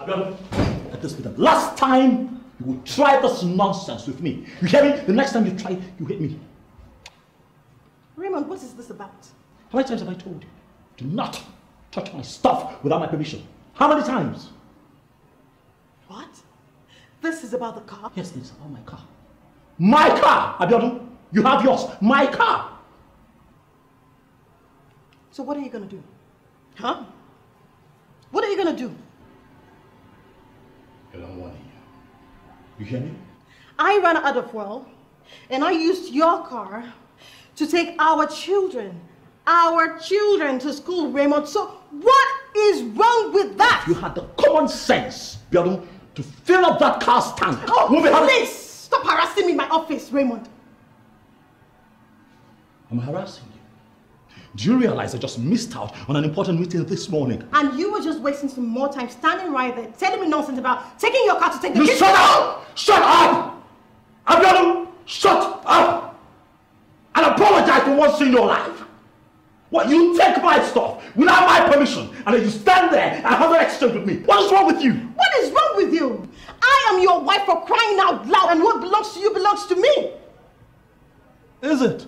At this with the last time you will try this nonsense with me. You hear me? The next time you try, you hit me. Raymond, what is this about? How many times have I told you? Do not touch my stuff without my permission. How many times? What? This is about the car? Yes, it's about my car. My car, Abiodun! You have yours, my car! So what are you gonna do? Huh? What are you gonna do? I'm you. You hear me? I ran out of well, and I used your car to take our children, our children to school, Raymond. So what is wrong with that? You had the common sense, Biodun, to fill up that car stand. Oh, we please, stop harassing me in my office, Raymond. I'm harassing you. Do you realize I just missed out on an important meeting this morning? And you were just wasting some more time standing right there, telling me nonsense about taking your car to take the you kids- shut up! Shut up! to shut up! And apologize for once in your life. What, you take my stuff without my permission, and then you stand there and have an exchange with me. What is wrong with you? What is wrong with you? I am your wife for crying out loud, and what belongs to you belongs to me. Is it?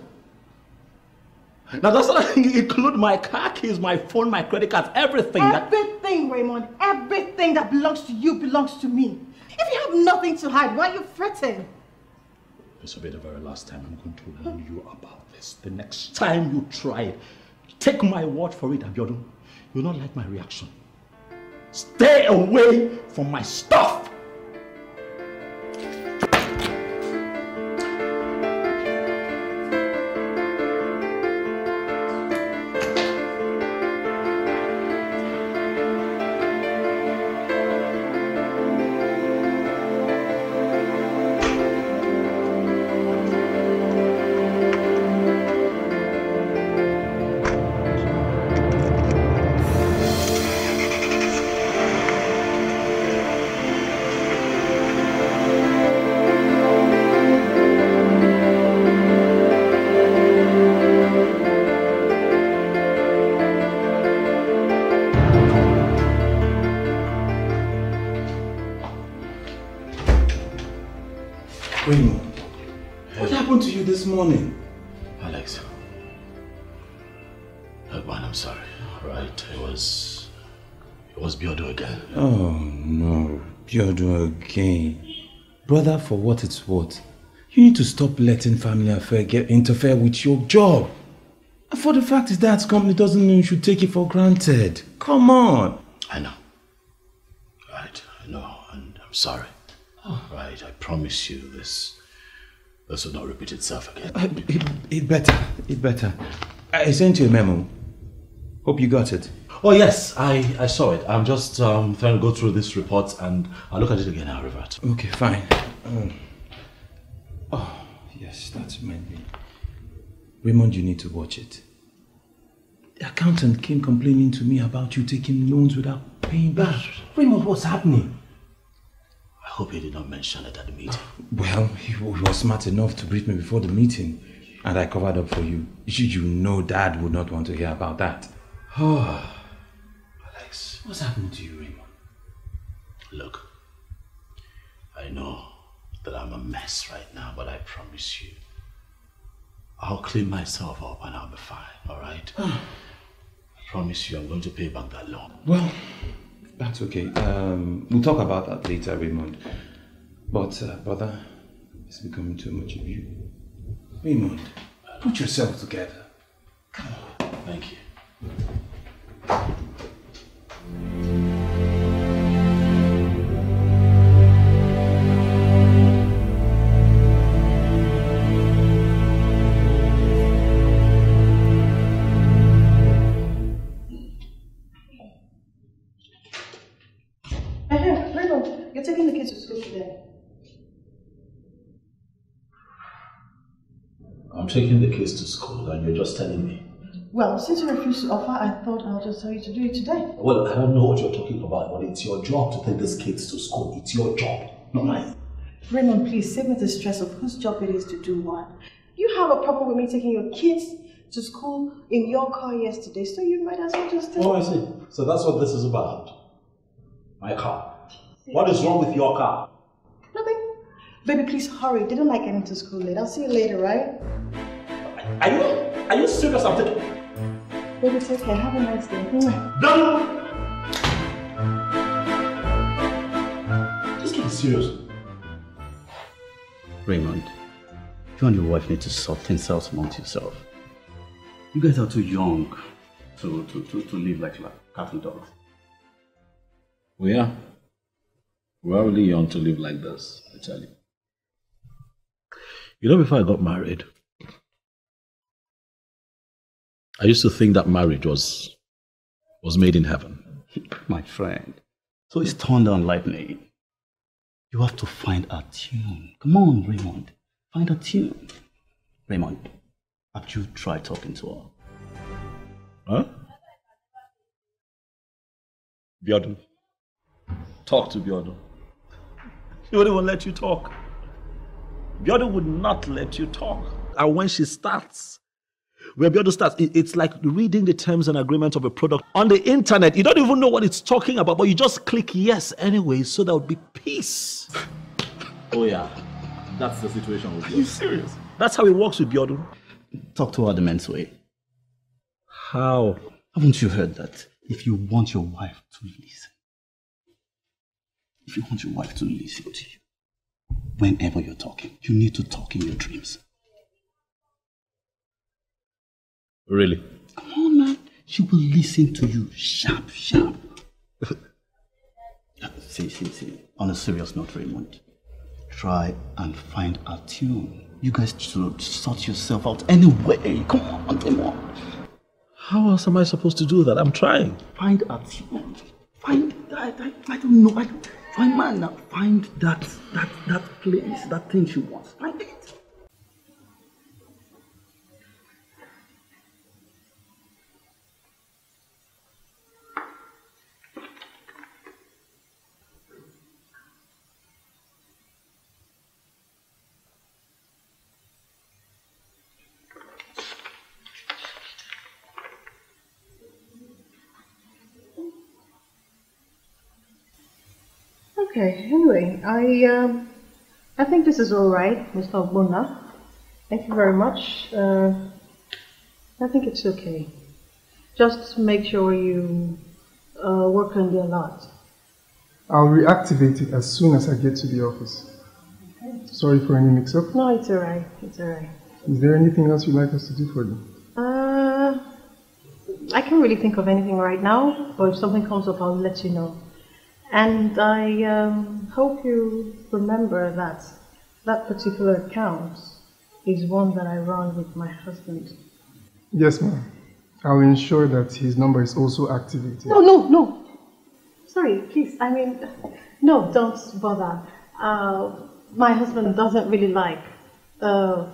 Now that's not include my car keys, my phone, my credit cards, everything. Everything, that... Raymond. Everything that belongs to you belongs to me. If you have nothing to hide, why are you fretting? This will be the very last time I'm going to warn you about this. The next time you try it, take my word for it, Abiodun. You'll not like my reaction. Stay away from my stuff! Brother, for what it's worth, you need to stop letting family affair get interfere with your job. And for the fact is that company doesn't mean you should take it for granted. Come on. I know. Right, I know, and I'm sorry. Oh. Right, I promise you this. This will not repeat itself again. Uh, it, it better, it better. I sent you a memo. Hope you got it. Oh yes, I, I saw it. I'm just um, trying to go through this report and I'll look at it again I'll revert. Okay, fine. Um, oh, yes, that's my name. Raymond, you need to watch it. The accountant came complaining to me about you taking loans without paying back. Raymond, what's happening? I hope he did not mention it at the meeting. Well, he was smart enough to brief me before the meeting and I covered up for you. You, you know dad would not want to hear about that. Oh. What's happened to you, Raymond? Look, I know that I'm a mess right now, but I promise you, I'll clean myself up and I'll be fine, all right? I promise you, I'm going to pay back that loan. Well, that's okay. Um, we'll talk about that later, Raymond. But, uh, brother, it's becoming too much of you. Raymond, put yourself together. Come on. Thank you. You're taking the kids to school today. I'm taking the kids to school and you're just telling me. Well, since you refused to offer, I thought I'll just tell you to do it today. Well, I don't know what you're talking about, but it's your job to take these kids to school. It's your job, not mine. Raymond, please save me the stress of whose job it is to do what. You have a problem with me taking your kids to school in your car yesterday, so you might as well just take Oh, I see. So that's what this is about. My car. what is wrong with your car? Nothing. Baby, please hurry. They don't like getting to school late. I'll see you later, right? Are you, are you serious? I'm taking... But it's okay. Have a nice day. Done. Just get serious. Raymond, you and your wife need to sort things out amongst yourself. You guys are too young to, to, to, to live like cat and dogs. We are. We are really young to live like this, I you. You know, before I got married, I used to think that marriage was was made in heaven. My friend, so it's thunder and lightning. You have to find a tune. Come on, Raymond. Find a tune. Raymond, have you tried talking to her? Huh? Bjorn. Talk to Bjorn. She wouldn't even let you talk. Bjorn would not let you talk. And when she starts, We'll be able to start. It's like reading the terms and agreement of a product on the internet. You don't even know what it's talking about, but you just click yes anyway, so there would be peace. Oh, yeah. That's the situation with Are you serious? That's how it works with Biodun. Talk to her the men's way. How? Haven't you heard that? If you want your wife to listen, if you want your wife to listen to you, whenever you're talking, you need to talk in your dreams. Really? Come on, man. She will listen to you. Sharp, sharp. see, see, see. On a serious note, Raymond, try and find a tune. You guys should sort yourself out anyway. Come on, come on. How else am I supposed to do that? I'm trying. Find a tune. Find I, I, I don't know. I, find man, find that that that place, that thing she wants. Find it. Okay, Anyway, I um, I think this is all right, Mr. Bunda. Thank you very much. Uh, I think it's okay. Just make sure you uh, work on the alert. I'll reactivate it as soon as I get to the office. Okay. Sorry for any mix-up. No, it's all right. It's all right. Is there anything else you'd like us to do for you? Uh, I can't really think of anything right now, but if something comes up, I'll let you know. And I um, hope you remember that that particular account is one that I run with my husband. Yes, ma'am. I'll ensure that his number is also activated. No, no, no. Sorry, please. I mean, no, don't bother. Uh, my husband doesn't really like the uh,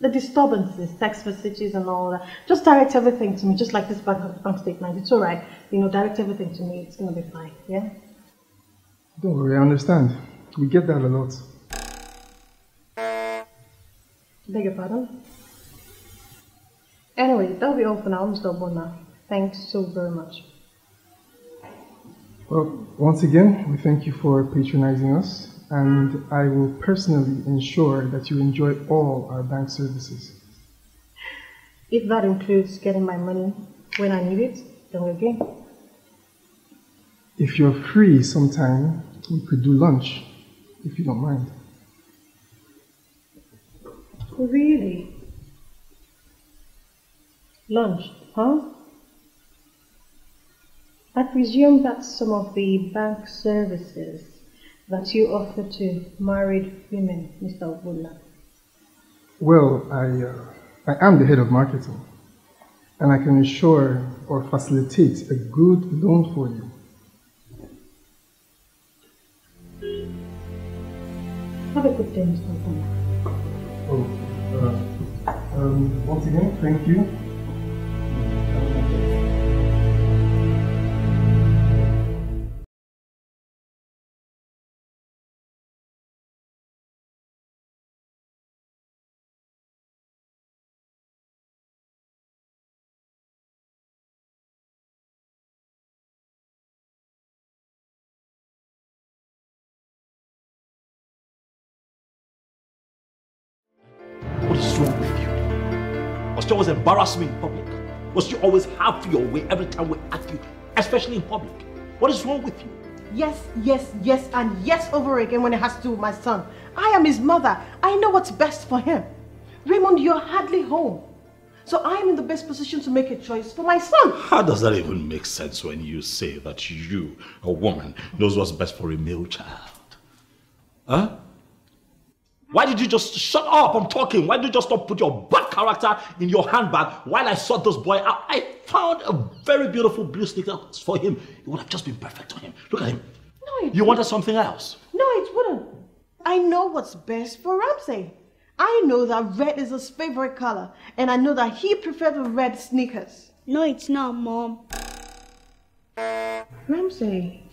the disturbances, text messages and all that. Just direct everything to me, just like this bank, bank statement. It's all right. You know, direct everything to me. It's going to be fine. Yeah? Don't worry, I understand. We get that a lot. Beg your pardon? Anyway, that'll be all for now, Mr. Obona. Thanks so very much. Well, once again, we thank you for patronizing us, and I will personally ensure that you enjoy all our bank services. If that includes getting my money when I need it, then we're game. If you're free sometime, we could do lunch, if you don't mind. Really? Lunch, huh? I presume that some of the bank services that you offer to married women, Mr. Obola. Well, I, uh, I am the head of marketing, and I can ensure or facilitate a good loan for you Have a good day, Mr. Oh, uh, um, once again, thank you. embarrass me in public? Must you always have your way every time we ask you, especially in public? What is wrong with you? Yes, yes, yes, and yes over again when it has to do with my son. I am his mother. I know what's best for him. Raymond, you're hardly home. So I'm in the best position to make a choice for my son. How does that even make sense when you say that you, a woman, knows what's best for a male child? Huh? Why did you just shut up? I'm talking. Why did you just not put your bad character in your handbag while I saw this boy? I, I found a very beautiful blue sneaker for him. It would have just been perfect on him. Look at him. No, it You wanted something else. No, it wouldn't. I know what's best for Ramsey. I know that red is his favorite color, and I know that he preferred the red sneakers. No, it's not, Mom. Ramsey,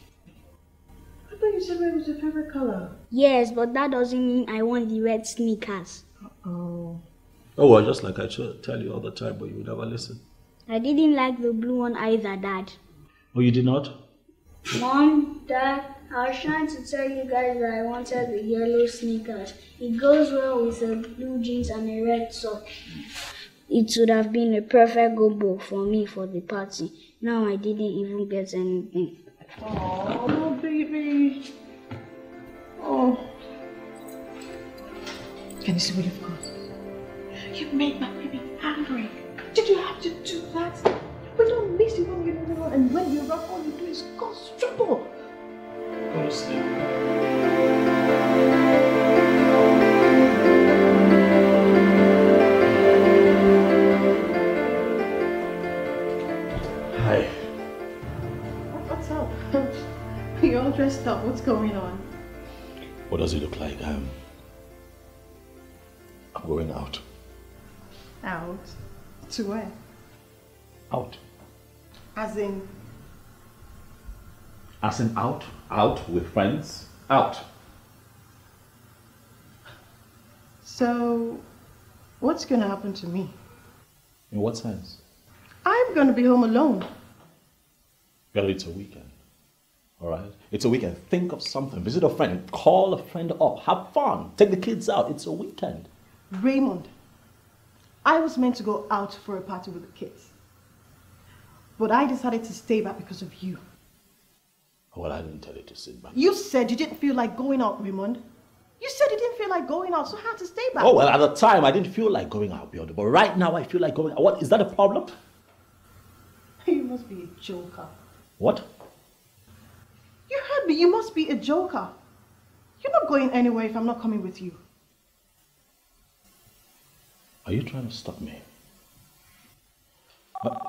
you said red was your favorite color. Yes, but that doesn't mean I want the red sneakers. oh. Oh well, just like I tell you all the time, but you never listen. I didn't like the blue one either, Dad. Oh, you did not? Mom, Dad, I was trying to tell you guys that I wanted the yellow sneakers. It goes well with the blue jeans and a red sock. It would have been a perfect go for me for the party. Now I didn't even get anything. Oh, baby. Oh. Can you see what you've got? You made my baby angry. Did you have to do that? We don't miss you when you're gone, and when you're up, all you do is cause trouble. Honestly. dressed up. What's going on? What does it look like? I'm. Um, I'm going out. Out? To where? Out. As in? As in out? Out with friends? Out. So, what's going to happen to me? In what sense? I'm going to be home alone. Well, it's a weekend, all right? It's a weekend. Think of something. Visit a friend. Call a friend up. Have fun. Take the kids out. It's a weekend. Raymond, I was meant to go out for a party with the kids. But I decided to stay back because of you. Well, I didn't tell you to sit back. You said you didn't feel like going out, Raymond. You said you didn't feel like going out, so how to stay back? Oh, well, at the time, I didn't feel like going out, Beyond. But right now, I feel like going out. What, is that a problem? You must be a joker. What? You heard me. You must be a joker. You're not going anywhere if I'm not coming with you. Are you trying to stop me? But...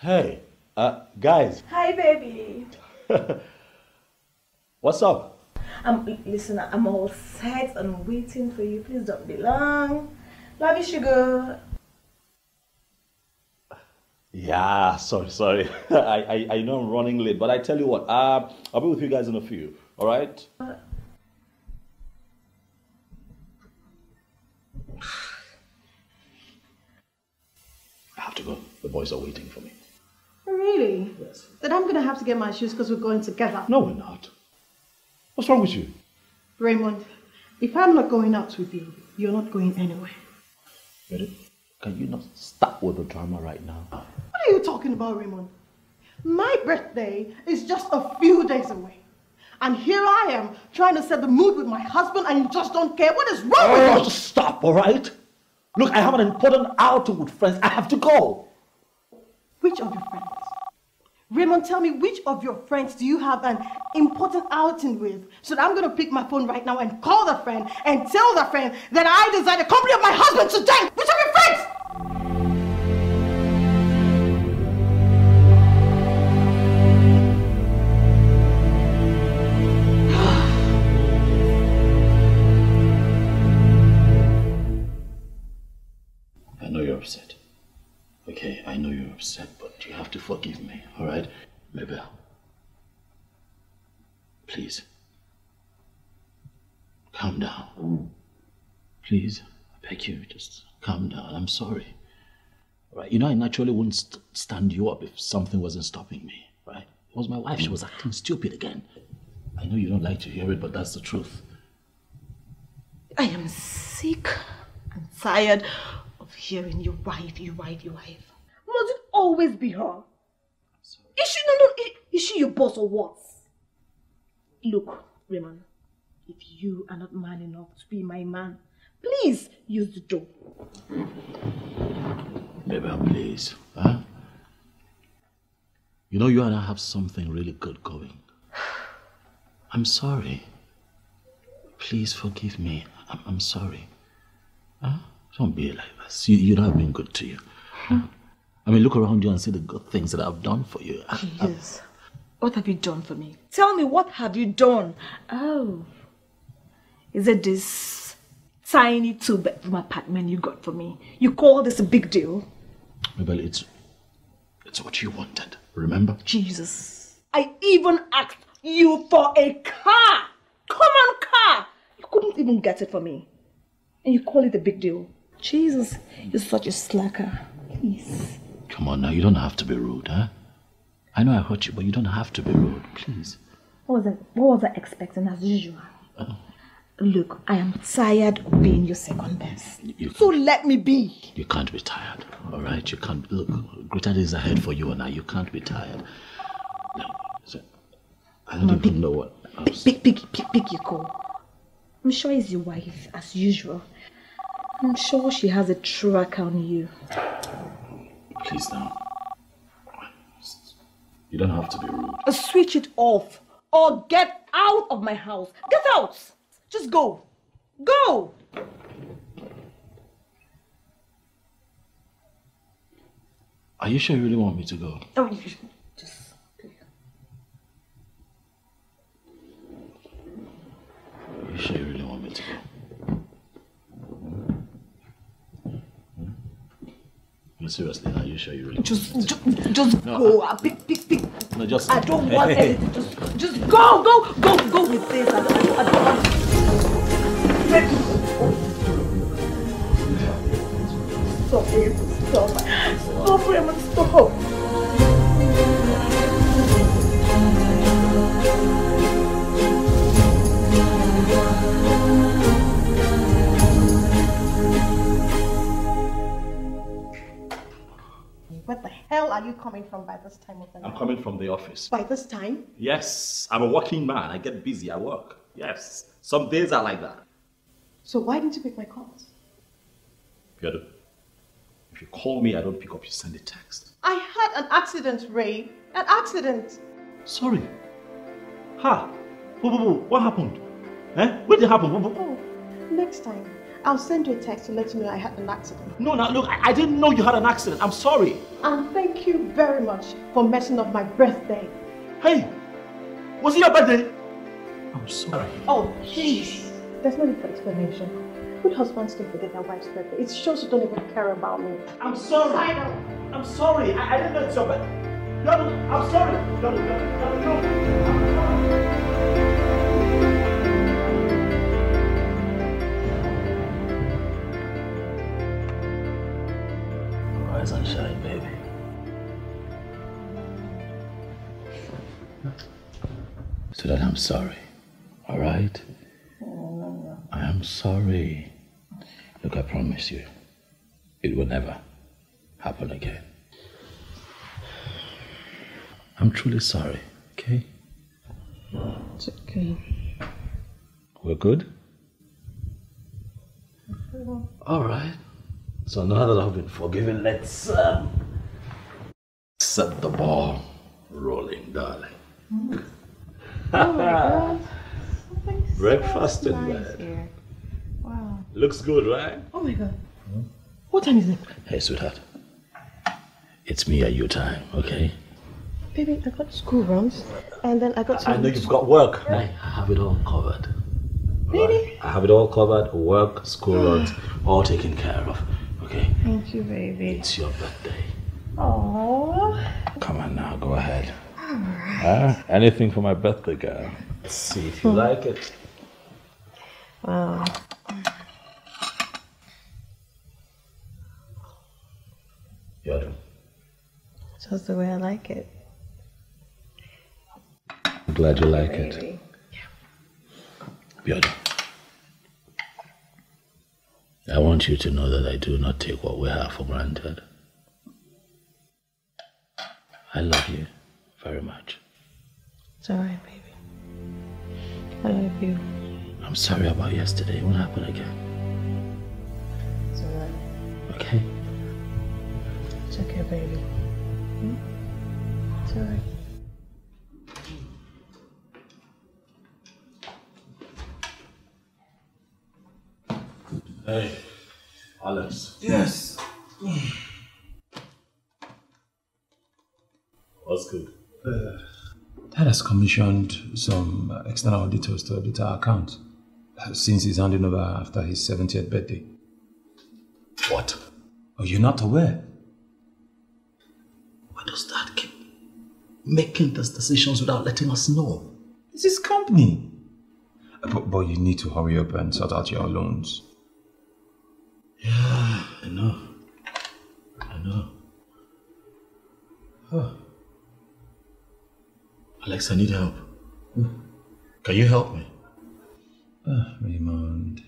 Hey, uh, guys. Hi, baby. What's up? I'm listen. I'm all set and waiting for you. Please don't be long. Love you, sugar. Yeah, sorry, sorry. I, I, I know I'm running late, but I tell you what, uh, I'll be with you guys in a few, all right? I have to go. The boys are waiting for me. Oh, really? Yes. Then I'm going to have to get my shoes because we're going together. No, we're not. What's wrong with you? Raymond, if I'm not going out with you, you're not going anywhere. Ready? Can you not stop with the drama right now? are you talking about, Raymond? My birthday is just a few days away. And here I am trying to set the mood with my husband and you just don't care. What is wrong with oh, you? Just stop, all right? Look, I have an important outing with friends. I have to go. Which of your friends? Raymond, tell me which of your friends do you have an important outing with? So I'm going to pick my phone right now and call the friend and tell the friend that I desire the company of my husband today. Which upset, but you have to forgive me, all right? Maybe. Please. Calm down. Please, I beg you, just calm down. I'm sorry. All right? You know, I naturally wouldn't st stand you up if something wasn't stopping me, right? It was my wife. She was acting stupid again. I know you don't like to hear it, but that's the truth. I am sick and tired of hearing your wife, your wife, your wife always be her. Is she, no, no, is, she your boss or what? Look, Raymond, if you are not man enough to be my man, please use the door. Baby, please. Huh? You know, you and I have something really good going. I'm sorry. Please forgive me. I'm, I'm sorry. Huh? Don't be like this. You, you know I've been good to you. Huh? I mean, look around you and see the good things that I've done for you. Yes. What have you done for me? Tell me, what have you done? Oh, is it this tiny two-bedroom apartment you got for me? You call this a big deal? Mabel, it's, it's what you wanted, remember? Jesus, I even asked you for a car, common car. You couldn't even get it for me. And you call it a big deal. Jesus, you're such a slacker. Please. Come on now, you don't have to be rude, huh? I know I hurt you, but you don't have to be rude, please. What was I, what was I expecting as usual? Oh. Look, I am tired of being your second best. You, so let me be. You can't be tired, all right? You can't. Look, greater days ahead for you and I. You can't be tired. So, I don't no, even pick, know what. Pick, Big, big, big, big, big, you call. I'm sure he's your wife, as usual. I'm sure she has a track on you. Please now. You don't have to be rude. Uh, switch it off or get out of my house. Get out! Just go. Go! Are you sure you really want me to go? Oh, you just. Are you sure you really want me to go? seriously, now you sure you really just, want just, just no, go. I, pick, pick, pick. No, just. I don't want anything. Just, just go, go, go, go with this. I, I, I don't want. Stop, Raymond. Stop. Stop, Raymond. Stop. Where the hell are you coming from by this time of the night? I'm coming from the office. By this time? Yes. I'm a working man. I get busy. I work. Yes. Some days are like that. So why didn't you pick my calls? Peter, if you call me, I don't pick up, you send a text. I had an accident, Ray. An accident. Sorry. Ha! Boo, boo, What happened? Eh? What did happen? Boo, Oh, next time. I'll send you a text to let you know I had an accident. No, no, look, I, I didn't know you had an accident. I'm sorry. And thank you very much for messing up my birthday. Hey, was it your birthday? I'm sorry. Oh, please. There's no need for explanation. Good husbands don't forget their wife's birthday. It shows you don't even care about me. I'm sorry. I know. I'm sorry. I, I didn't know it's your birthday. No, no, I'm sorry. No, no, no, no, no. I'm sorry. sunshine, baby. So that I'm sorry, all right? I am sorry. Look, I promise you, it will never happen again. I'm truly sorry, okay? It's okay. We're good? All right. So now that I've been forgiven, let's um, set the ball rolling, darling. Mm. Oh Breakfast so in nice bed. Here. Wow. Looks good, right? Oh my god. Hmm? What time is it? Hey, sweetheart. It's me at your time, okay? Baby, I got school runs, and then I got. Some I know you've got work. Yeah. I have it all covered. Really? Right. I have it all covered. Work, school runs, all taken care of. Okay. Thank you, baby. It's your birthday. Oh. Come on now, go ahead. All right. Uh, anything for my birthday, girl. Let's see if you like it. Wow. Yadu. Just the way I like it. I'm glad you like it. Yeah. Yadu. I want you to know that I do not take what we have for granted. I love you very much. It's alright, baby. I love you. I'm sorry about yesterday. It won't happen again. It's alright. Okay? It's okay, baby. Hmm? It's alright. Hey, Alex. Yes. What's good? Uh, Dad has commissioned some external auditors to audit our account uh, since he's handing over after his 70th birthday. What? Are you not aware? Why does Dad keep making those decisions without letting us know? It's his company. Uh, but, but you need to hurry up and sort out your loans. Yeah, I know. I know. Oh. Alex, I need help. Hmm? Can you help me? Ah, Raymond,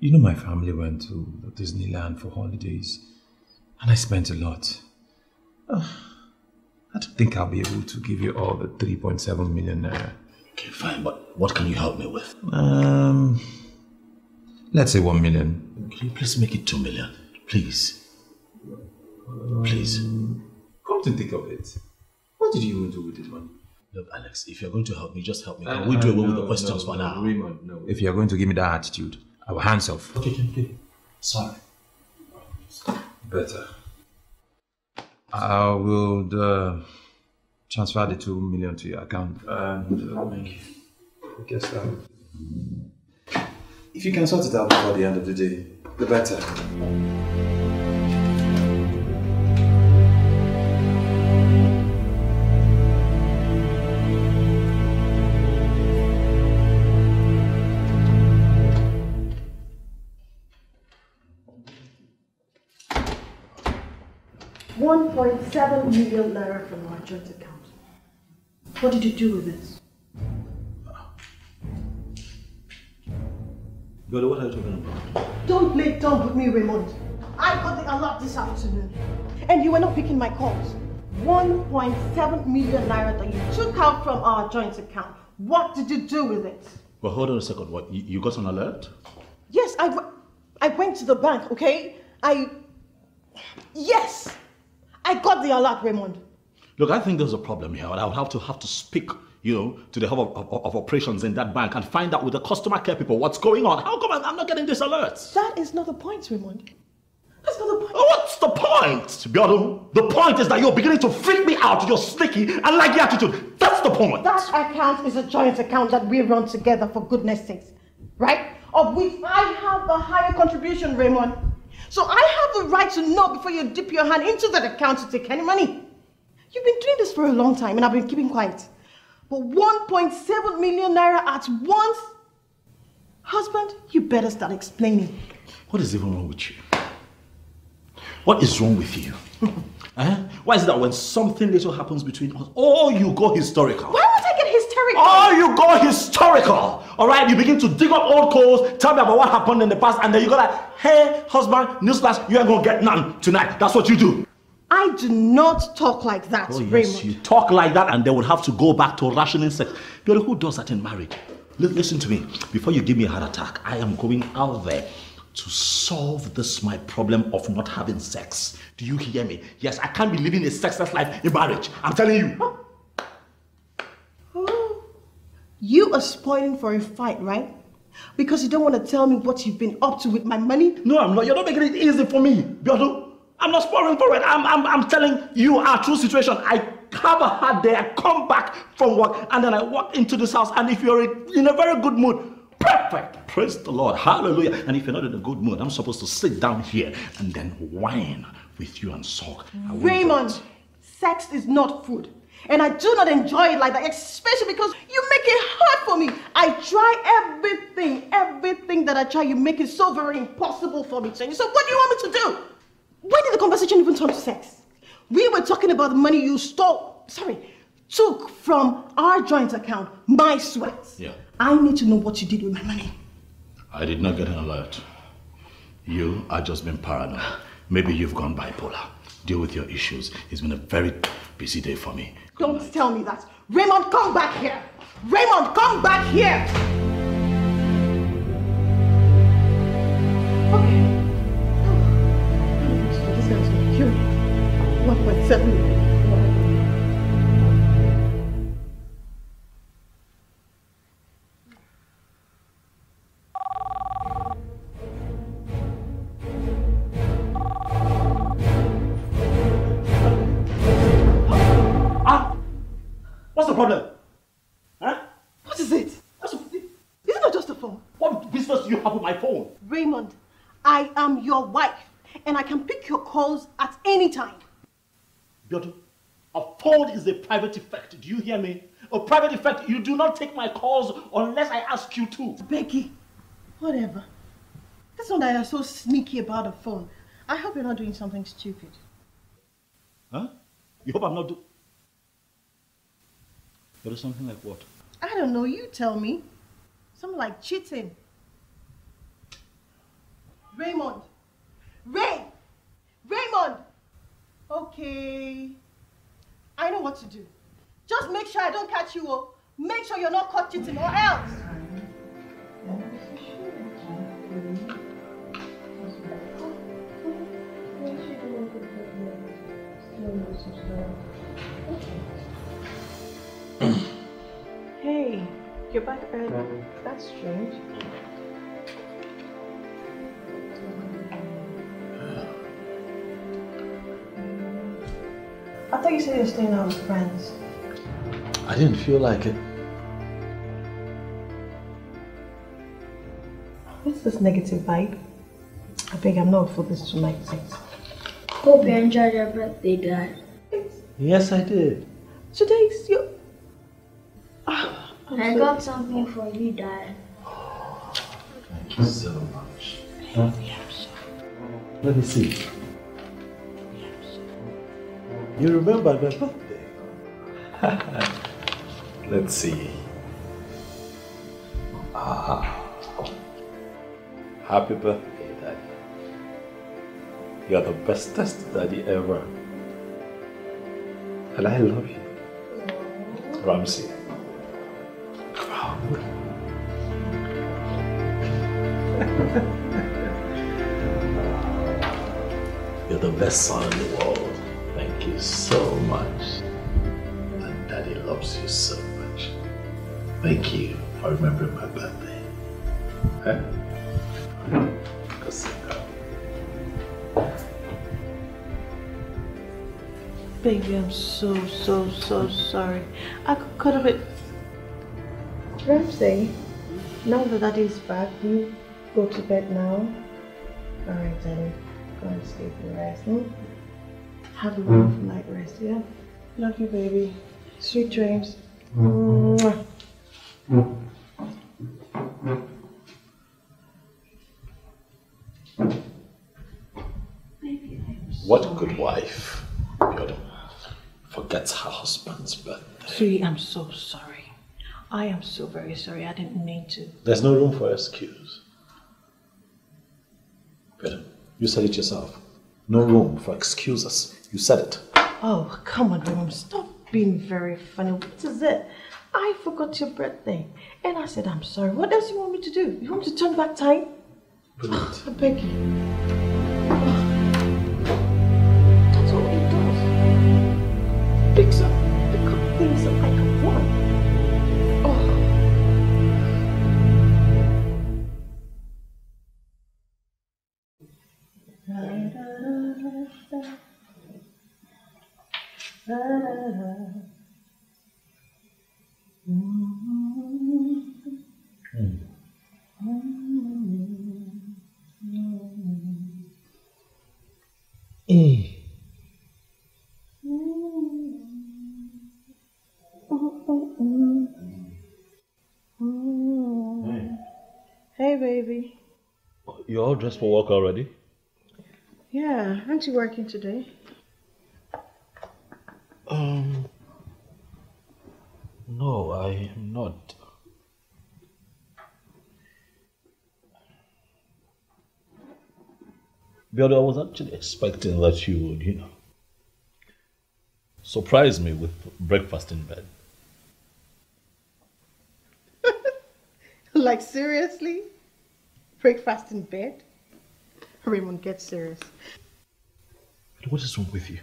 you know my family went to Disneyland for holidays and I spent a lot. Oh, I don't think I'll be able to give you all the 3.7 million Okay, fine, but what can you help me with? Um, Let's say one million. Can you please make it two million? Please. Please. Come to think of it, what did you even do with this money? Look, Alex, if you're going to help me, just help me. Can uh, we do away no, with the questions no, for now? Raymond, no. If you're going to give me that attitude, I will hands off. Okay, okay, okay. Sorry. Better. I will uh, transfer the two million to your account. And, uh, thank you. I guess that. Um, if you can sort it out before the end of the day, the better. One point seven million letter from our joint account. What did you do with it? Godo, what are you talking about? Don't play dumb with me, Raymond. I got the alert this afternoon. And you were not picking my calls. 1.7 million naira that you took out from our joint account. What did you do with it? Well, hold on a second. What, you, you got an alert? Yes, I, I went to the bank, okay? I... Yes! I got the alert, Raymond. Look, I think there's a problem here. I would have to have to speak you know, to the hub of, of, of, operations in that bank and find out with the customer care people what's going on. How come I'm not getting this alert? That is not the point, Raymond. That's not the point. Oh, what's the point, Biodo? The point is that you're beginning to freak me out, your sneaky and laggy attitude. That's the point. That account is a joint account that we run together for goodness sakes, right? Of which I have the higher contribution, Raymond. So I have the right to know before you dip your hand into that account to take any money. You've been doing this for a long time and I've been keeping quiet but 1.7 million naira at once? Husband, you better start explaining. What is even wrong with you? What is wrong with you? Eh? Why is it that when something little happens between us, oh, you go historical? Why would I get historical? Oh, you go historical! All right, you begin to dig up old coals, tell me about what happened in the past, and then you go like, hey, husband, newsflash, you ain't gonna get none tonight. That's what you do. I do not talk like that, oh, yes, You talk like that and they would have to go back to rationing sex. know who does that in marriage? listen to me. Before you give me a heart attack, I am going out there to solve this my problem of not having sex. Do you hear me? Yes, I can't be living a sexless life in marriage. I'm telling you. Oh. You are spoiling for a fight, right? Because you don't want to tell me what you've been up to with my money? No, I'm not. You're not making it easy for me. Biodo, I'm not sparring for it. I'm, I'm, I'm telling you our true situation. I cover her there, I come back from work, and then I walk into this house. And if you're in a very good mood, perfect. Praise the Lord. Hallelujah. And if you're not in a good mood, I'm supposed to sit down here and then whine with you and sulk. Raymond, sex is not food. And I do not enjoy it like that, especially because you make it hard for me. I try everything, everything that I try, you make it so very impossible for me, Jenny. So what do you want me to do? Where did the conversation even turn to sex? We were talking about the money you stole, sorry, took from our joint account, my sweat. Yeah. I need to know what you did with my money. I did not get an alert. You are just being paranoid. Maybe you've gone bipolar. Deal with your issues. It's been a very busy day for me. Don't tell me that. Raymond, come back here. Raymond, come back here. seven private effect. Do you hear me? A oh, private effect, you do not take my calls unless I ask you to. Becky, whatever. That's one, that you're so sneaky about the phone. I hope you're not doing something stupid. Huh? You hope I'm not doing... But it's something like what? I don't know. You tell me. Something like cheating. Raymond. Ray! Raymond! Okay. I know what to do. Just make sure I don't catch you, oh. Make sure you're not caught cheating or else. hey, you're back early. That's strange. thought you said you were staying out with friends. I didn't feel like it. What's this negative vibe? I think I'm not for this tonight. Hope you enjoyed your birthday, Dad. Yes, I did. Today's your... Oh, I so... got something for you, Dad. Thank you so much. Let me see. You remember my birthday? Let's see. Ah. Happy birthday, Daddy. You're the bestest daddy ever. And I love you. Ramsey. Wow. You're the best son in the world you so much. And Daddy loves you so much. Thank you for remembering my birthday. Huh? Go Baby, I'm so, so, so sorry. I could have been... Ramsey, now that Daddy's back, you go to bed now. Alright, Daddy. Go and sleep and rest. Hmm? Have a hmm. wonderful night rest, yeah? Love you, baby. Sweet dreams. Hmm. Hmm. What good wife, forgets her husband's birthday? Sweetie, I'm so sorry. I am so very sorry. I didn't mean to. There's no room for excuse. Yoda, you said it yourself. No room for excuses. You said it. Oh, come on, Raymond. Stop being very funny. What is it? I forgot your birthday. And I said, I'm sorry. What else do you want me to do? You want me to turn back time? Brilliant. I beg you. Mm. Hey, baby. you all dressed for work already? Yeah, aren't you working today? I am not. But I was actually expecting that you would, you know, surprise me with breakfast in bed. like, seriously? Breakfast in bed? Raymond, get serious. What is wrong with you?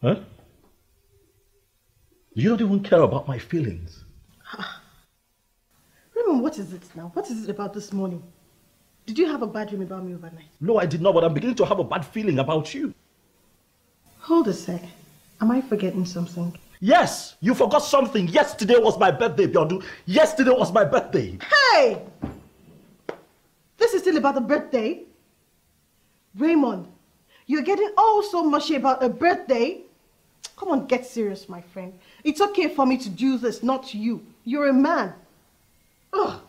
Huh? You don't even care about my feelings. Ah. Raymond, what is it now? What is it about this morning? Did you have a bad dream about me overnight? No, I did not, but I'm beginning to have a bad feeling about you. Hold a sec. Am I forgetting something? Yes, you forgot something. Yesterday was my birthday, Biondu. Yesterday was my birthday. Hey! This is still about the birthday? Raymond, you're getting all so mushy about a birthday Come on, get serious, my friend. It's okay for me to do this, not you. You're a man. Ugh.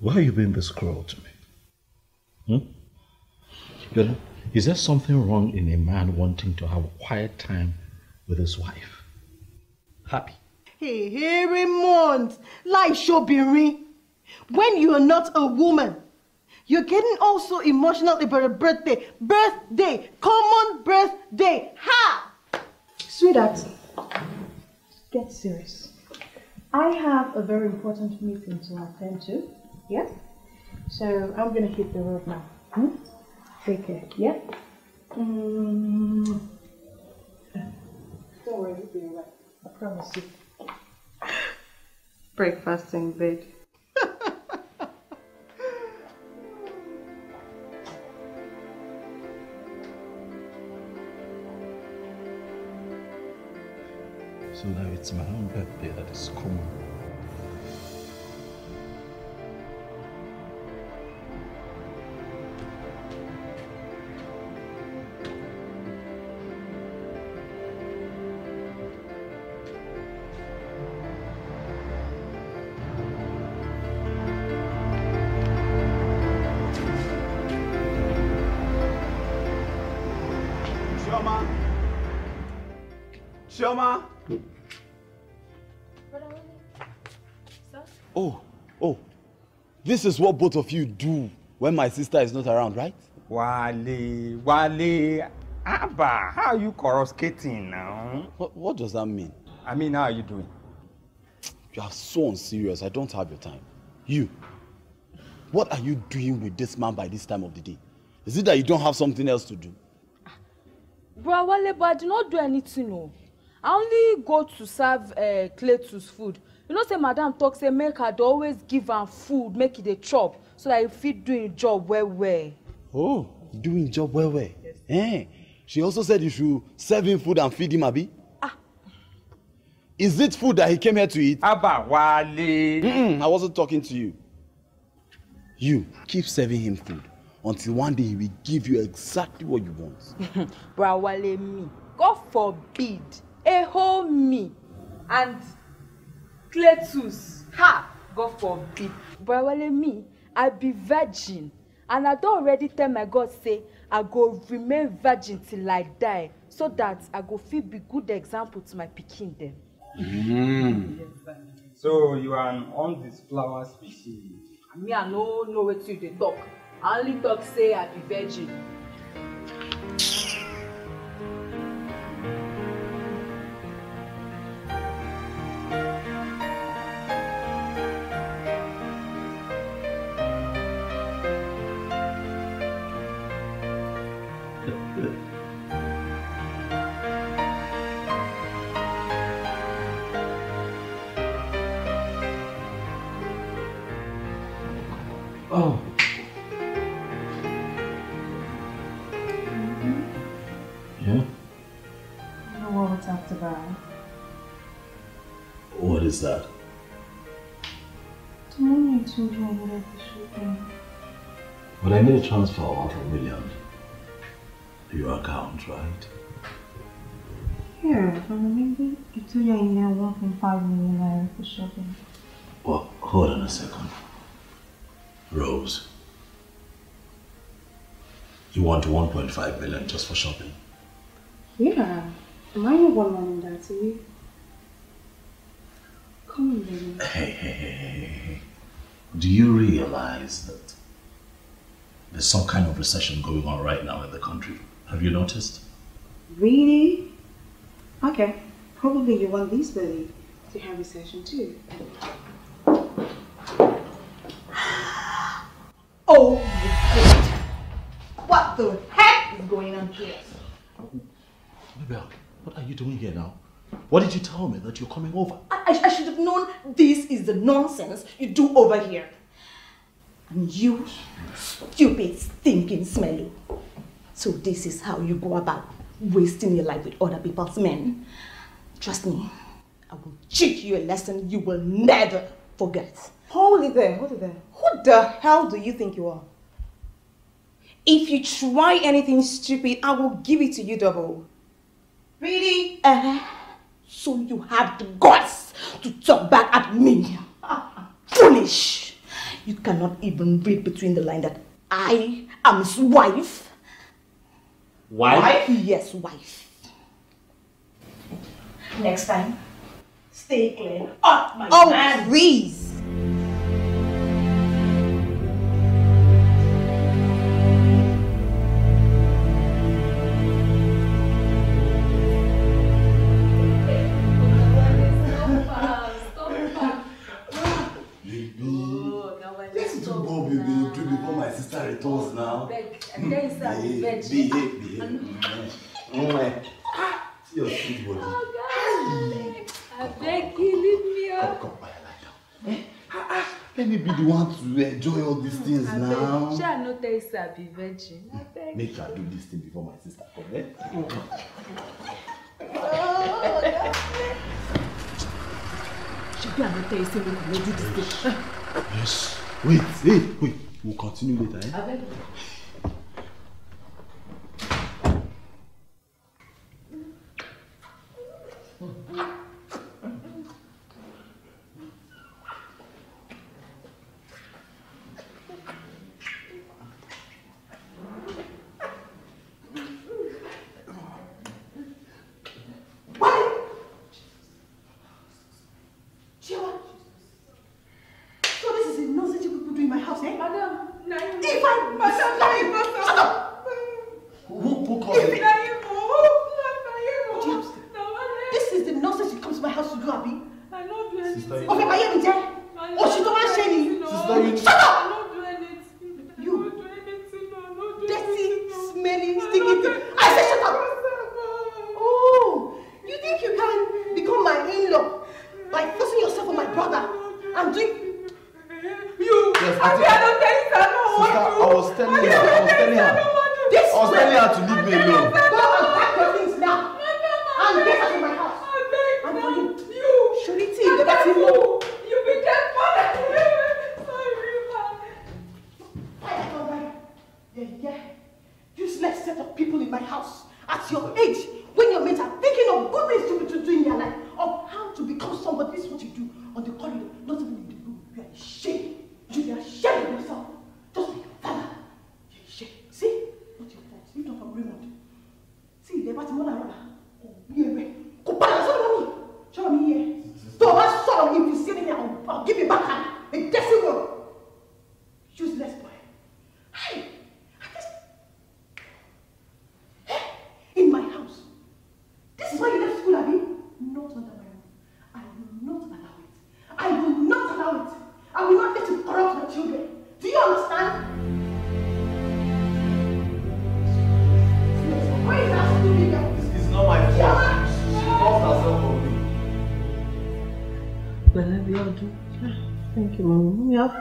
Why are you being this cruel to me? Hmm? Is there something wrong in a man wanting to have a quiet time with his wife? Happy. Hey, hey, Raymond. Lie, Shobirin. When you're not a woman, you're getting also emotional about a birthday. Birthday! Common birthday! Ha! Sweetheart, get serious. I have a very important meeting to attend to. Yeah? So I'm gonna hit the road now. Hmm? Take care. Yeah? Mm. Don't worry, you'll be alright. I promise you. Breakfast in bed. jetzt Leitz, Mahamberg, der das Kommen. is what both of you do when my sister is not around, right? Wale, Wale, Abba, how are you coruscating now? What, what does that mean? I mean, how are you doing? You are so unserious. I don't have your time. You, what are you doing with this man by this time of the day? Is it that you don't have something else to do? Bro, Wale, but I do not do anything. No. I only go to serve uh, eh, Cletus food you know say madam talk say make her dey always give am food make e dey chop so that e fit do im job well well. oh do im job well well yes. eh she also said you should serve him food and feed him abi. ah is it food that he came here to eat. Aba wale. Mm -mm, i wasnt talking to you. you keep serving him food until one day he will give you exactly what you want. Bra wale me god forbid eho me and Cletus. Ha! God forbid. But only me, I be virgin. And I don already tell my God say I go remain virgin till I die so that I go fit be good example to my pikin dem. Mm. Mm-hmm. Yes, so you are an flower species. Me, I no know wetin you dey talk. I only talk say I be virgin. a transfer of a million to your account, right? Yeah, but maybe it's a year in 1.5 million naira for shopping. Well, hold on a second. Rose, you want 1.5 million just for shopping? Yeah, am I not one man in that Come on, baby. Hey, hey, hey, hey. Do you realize that there's some kind of recession going on right now in the country. Have you noticed? Really? Okay. Probably you want this belly to have recession too. Oh, God. What the heck is going on here? Mabel, what are you doing here now? What did you tell me that you're coming over? I, I, I should have known this is the nonsense you do over here. And you, stupid, stinking smelly. So this is how you go about wasting your life with other people's men. Trust me, I will teach you a lesson you will never forget. Hold it there, hold it there. Who the hell do you think you are? If you try anything stupid, I will give it to you double. Really? Uh -huh. So you have the guts to talk back at me. You cannot even read between the line that I am his wife. Wife? Yes, wife. Next time, stay clear. Oh, my oh, man. please. Behave, behave, behave. Your sweet body. Oh, God. I beg you, leave me up. Come, come, come, lie down. Ah, ah. Let me be the one to enjoy all these things I now. Beg, shall not tell you, sir, be virgin. I beg Make her do this thing before my sister comes, eh? Oh, God. Shebi, I not tell you, sir, we I do this thing. Yes. Wait, hey, wait. We'll continue later, eh? I beg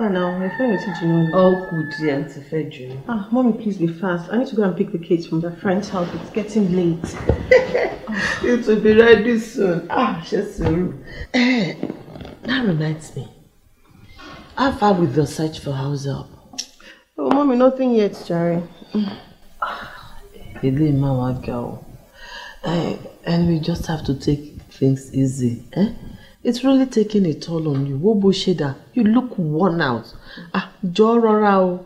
car now. My friend will see Juno. Oh, good, yeah, it's so fair Juno. Ah, mommy, please be fast. I need to go and pick the kids from their friend's house. It's getting late. oh. It will be ready soon. Ah, just soon. Eh, that reminds me. How far with your search for house up? Oh, mommy, nothing yet, Jerry. Ele, mama, girl. Eh, and we just have to take things easy, eh? it's really taking a toll on you. Wo bó you look worn out. Ah, jọ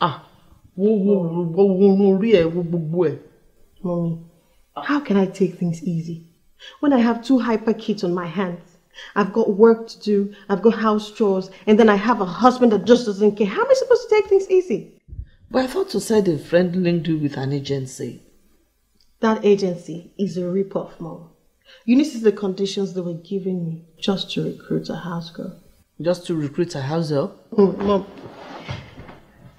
Ah, wo wo wo wo how can I take things easy? When I have two hyper kids on my hands, I've got work to do, I've got house chores, and then I have a husband that just doesn't care. How am I supposed to take things easy? But I thought you said a friend linked with an agency. That agency is a ripoff, Mom. You see the conditions they were giving me just to recruit a house girl. Just to recruit a house Mm, Mom.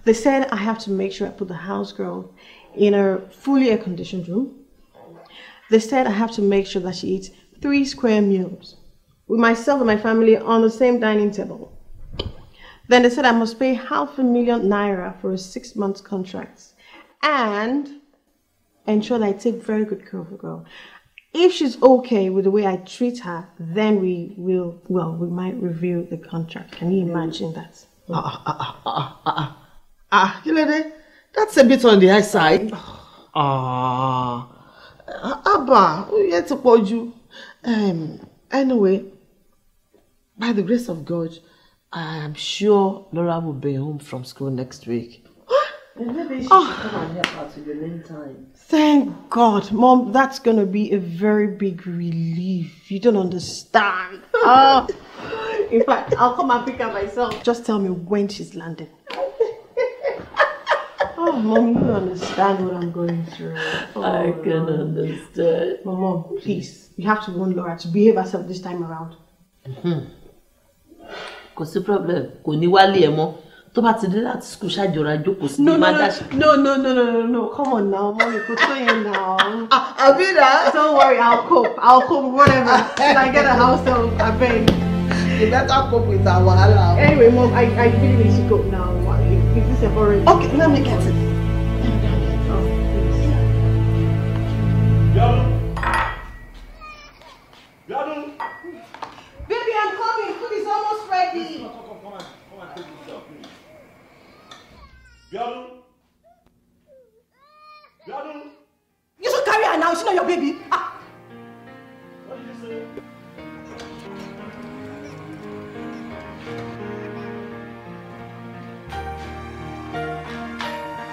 They said I have to make sure I put the house girl in a fully air conditioned room. They said I have to make sure that she eats three square meals with myself and my family on the same dining table. Then they said I must pay half a million naira for a six month contract and ensure that I take very good care of the girl. If she's okay with the way I treat her, then we will, well, we might review the contract. Can you imagine that? Ah, ah, ah, ah, ah. Ah, ah. ah. ah you know, that's a bit on the high side. Ah. ah Abba, we had to call you. Um, anyway, by the grace of God, I am sure Laura will be home from school next week oh. come and help us with the lean time. Thank God, Mom. That's gonna be a very big relief. You don't understand. oh. In fact, I'll come and pick her myself. Just tell me when she's landing. Oh, mom, you don't understand what I'm going through. Oh, I can mom. understand. Mom, mom, please, you have to warn Laura to behave herself this time around. Cause mm-hmm. the problem, kò ní tó bá ti dé láti school ṣàjọra jókòó sí ní mádàṣì. no no no no no no come on now mọ́mi kò tó yẹn now. Ah, àbí na. don't worry i'll cope i'll cope whatever till i get a house help abeg. you better cope with our wahala. anyway mom i i really need to go now is this a boring. okay let me get it. Yadun! Oh, Yadun! Baby, I'm coming. Food is almost ready. Biodun. Biodun. You should carry her now. She's not your baby. Ah. What did you say?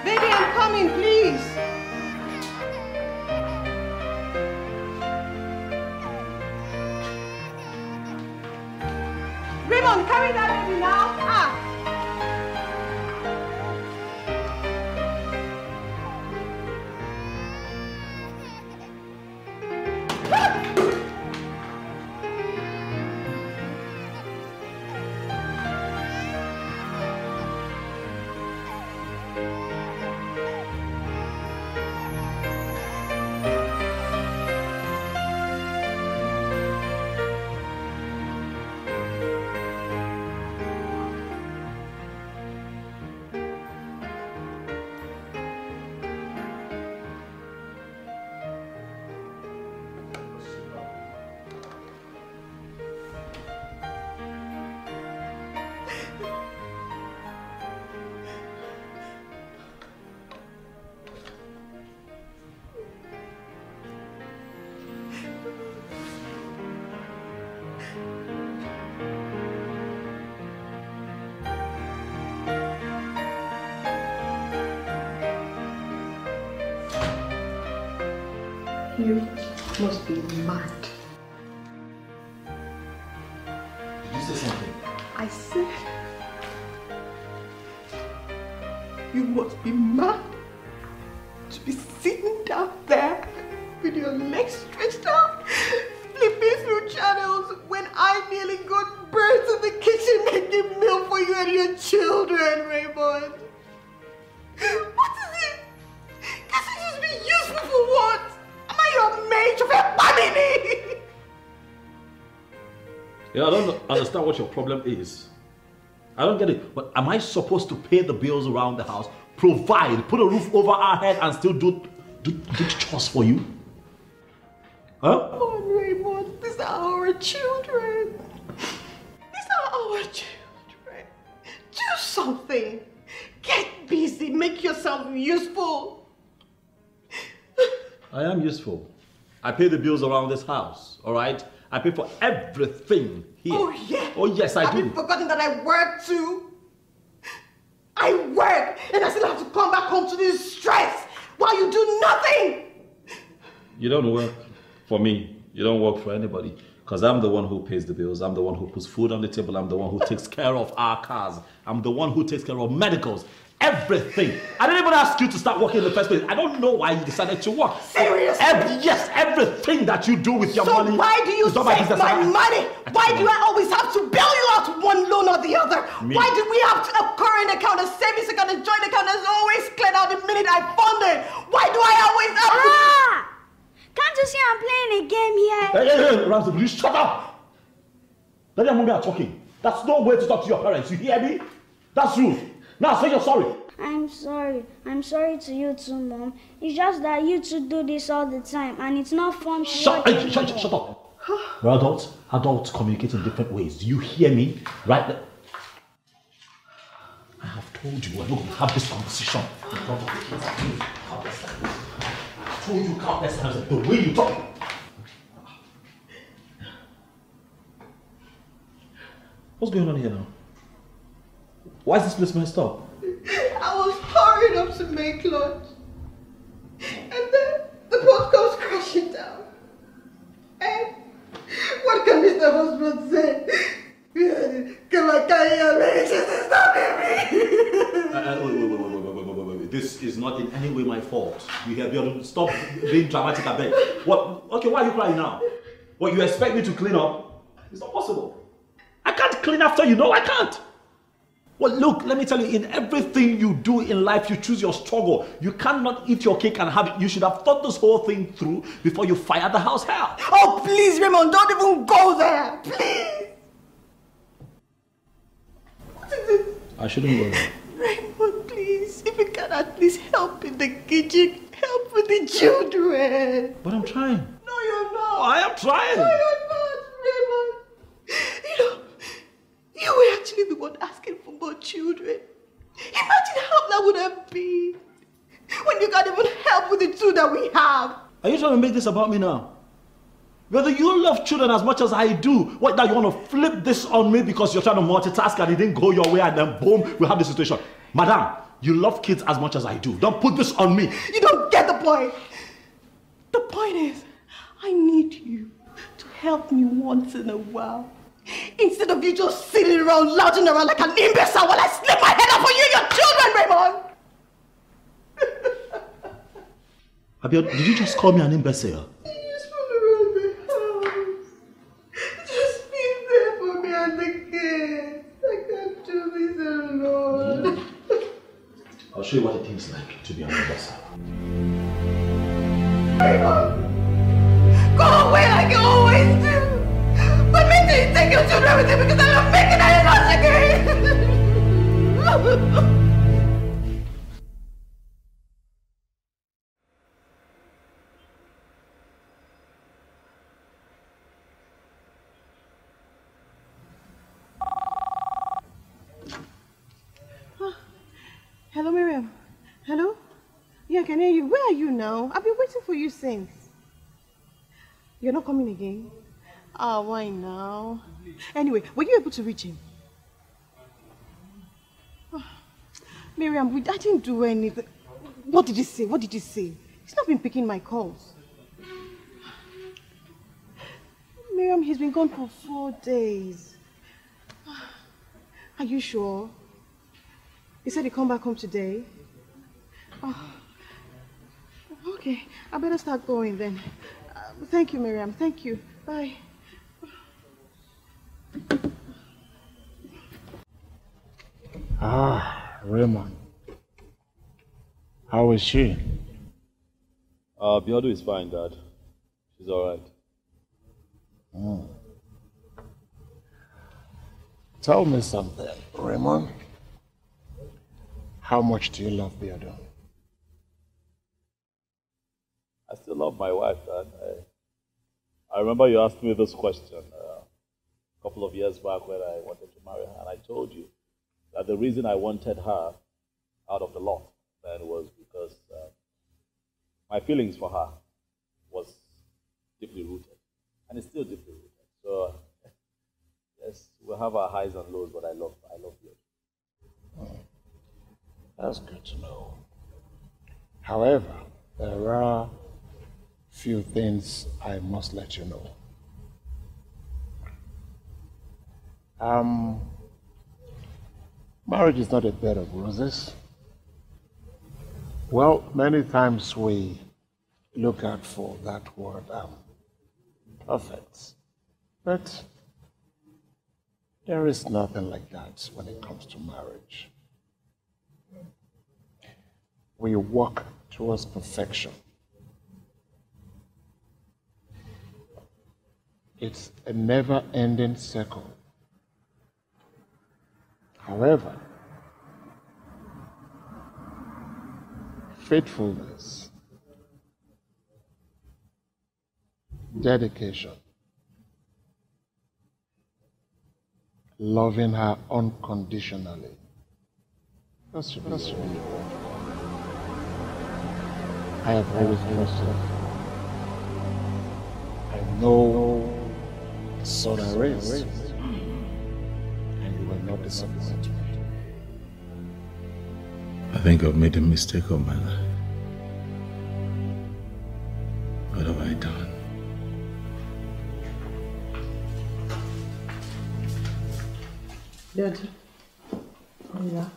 Baby, I'm coming, please. Raymond, carry that baby now. Ah. understand what your problem is. I don't get it. But am I supposed to pay the bills around the house, provide, put a roof over our head, and still do do, do chores for you? Huh? Come oh, on, Raymond. These are our children. These are our children. Do something. Get busy. Make yourself useful. I am useful. I pay the bills around this house, all right? I pay for everything here. Oh, yeah. Oh, yes, I Have do. Have you forgotten that I work too? I work, and I still have to come back home to this stress while you do nothing. You don't work for me. You don't work for anybody. Because I'm the one who pays the bills. I'm the one who puts food on the table. I'm the one who takes care of our cars. I'm the one who takes care of medicals. Everything. I didn't even ask you to start working in the first place. I don't know why you decided to work. Seriously? Every, yes, everything that you do with your so money. So why do you save my, business. money? Why do I always have to bail you out one loan or the other? Me. Why do we have to a current account, a savings account, a joint account that's always cleared out the minute I fund it? Why do I always have to... Ah! Can't you see I'm playing a game here? Hey, hey, hey, Ramsey, will you shut up? Daddy and Mommy are talking. That's no way to talk to your parents. You hear me? That's rude. Now say you're sorry. I'm sorry. I'm sorry to you too, Mom. It's just that you two do this all the time and it's not fun. Shut, hey, shut, shut, shut up. We're adults. Adults communicate in different ways. Do you hear me? Right? I have told you we're not going to have this conversation. I told you countless times the way you talk. What's going on here now? Why is this place messed up? I was hurrying up to make lunch. And then the boat comes crashing down. And what can Mr. Husband say? Can I carry your relations and stop me? This is not in any way my fault. You have to stop being dramatic a bit. What okay, why are you crying now? What you expect me to clean up? It's not possible. I can't clean after you, no, I can't. Well, look, let me tell you, in everything you do in life, you choose your struggle. You cannot eat your cake and have it. You should have thought this whole thing through before you fire the house help. Oh, please, Raymond, don't even go there. Please. What is it? I shouldn't go there. Raymond, please, if you can at least help in the kitchen, help with the children. But I'm trying. No, you're not. I am trying. No, you're not, Raymond. You know, you were actually the one asking for more children. Imagine how that would have been when you can't even help with the two that we have. Are you trying to make this about me now? Whether you love children as much as I do, what that you want to flip this on me because you're trying to multitask and it didn't go your way and then boom, we have the situation. Madam, you love kids as much as I do. Don't put this on me. You don't get the point. The point is, I need you to help me once in a while. Instead of you just sitting around lounging around like an imbecile while I slip my head off on you and your children, Raymond! Abiot, did you just call me an imbecile? You just run around the house. Just be there for me and the kids. I can't do this alone. I'll show you what it seems like to be an imbecile. Raymond! Go away like you always do! Please take your children with you because I love making I love chicken. Hello, Miriam. Hello? Yeah, I can hear you. Where are you now? I've been waiting for you since. You're not coming again? Oh, why now? Anyway, were you able to reach him? Oh, Miriam, I didn't do anything. What did he say? What did he say? He's not been picking my calls. Miriam, he's been gone for four days. Ah, are you sure? He said he'd come back home today. Oh. Okay, I better start going then. Uh, thank you, Miriam. Thank you. Bye. Ah, Raymond. How is she? Uh, Biondo is fine, Dad. She's alright. Mm. Tell me something, Raymond. How much do you love Biondo? I still love my wife, Dad. I, I remember you asked me this question couple of years back when I wanted to marry her, and I told you that the reason I wanted her out of the lot then was because uh, my feelings for her was deeply rooted, and it's still deeply rooted. So yes, we have our highs and lows, but I love I love you. That's good to know. However, there are few things I must let you know. Um, marriage is not a bed of roses. Well, many times we look out for that word um, perfect, but there is nothing like that when it comes to marriage. We walk towards perfection. It's a never ending circle. However, faithfulness, dedication, loving her unconditionally. That's, that's really I have always trusted I know the sun I raised not disappoint I think I've made a mistake of my life. What have I done? Daddy. Yeah.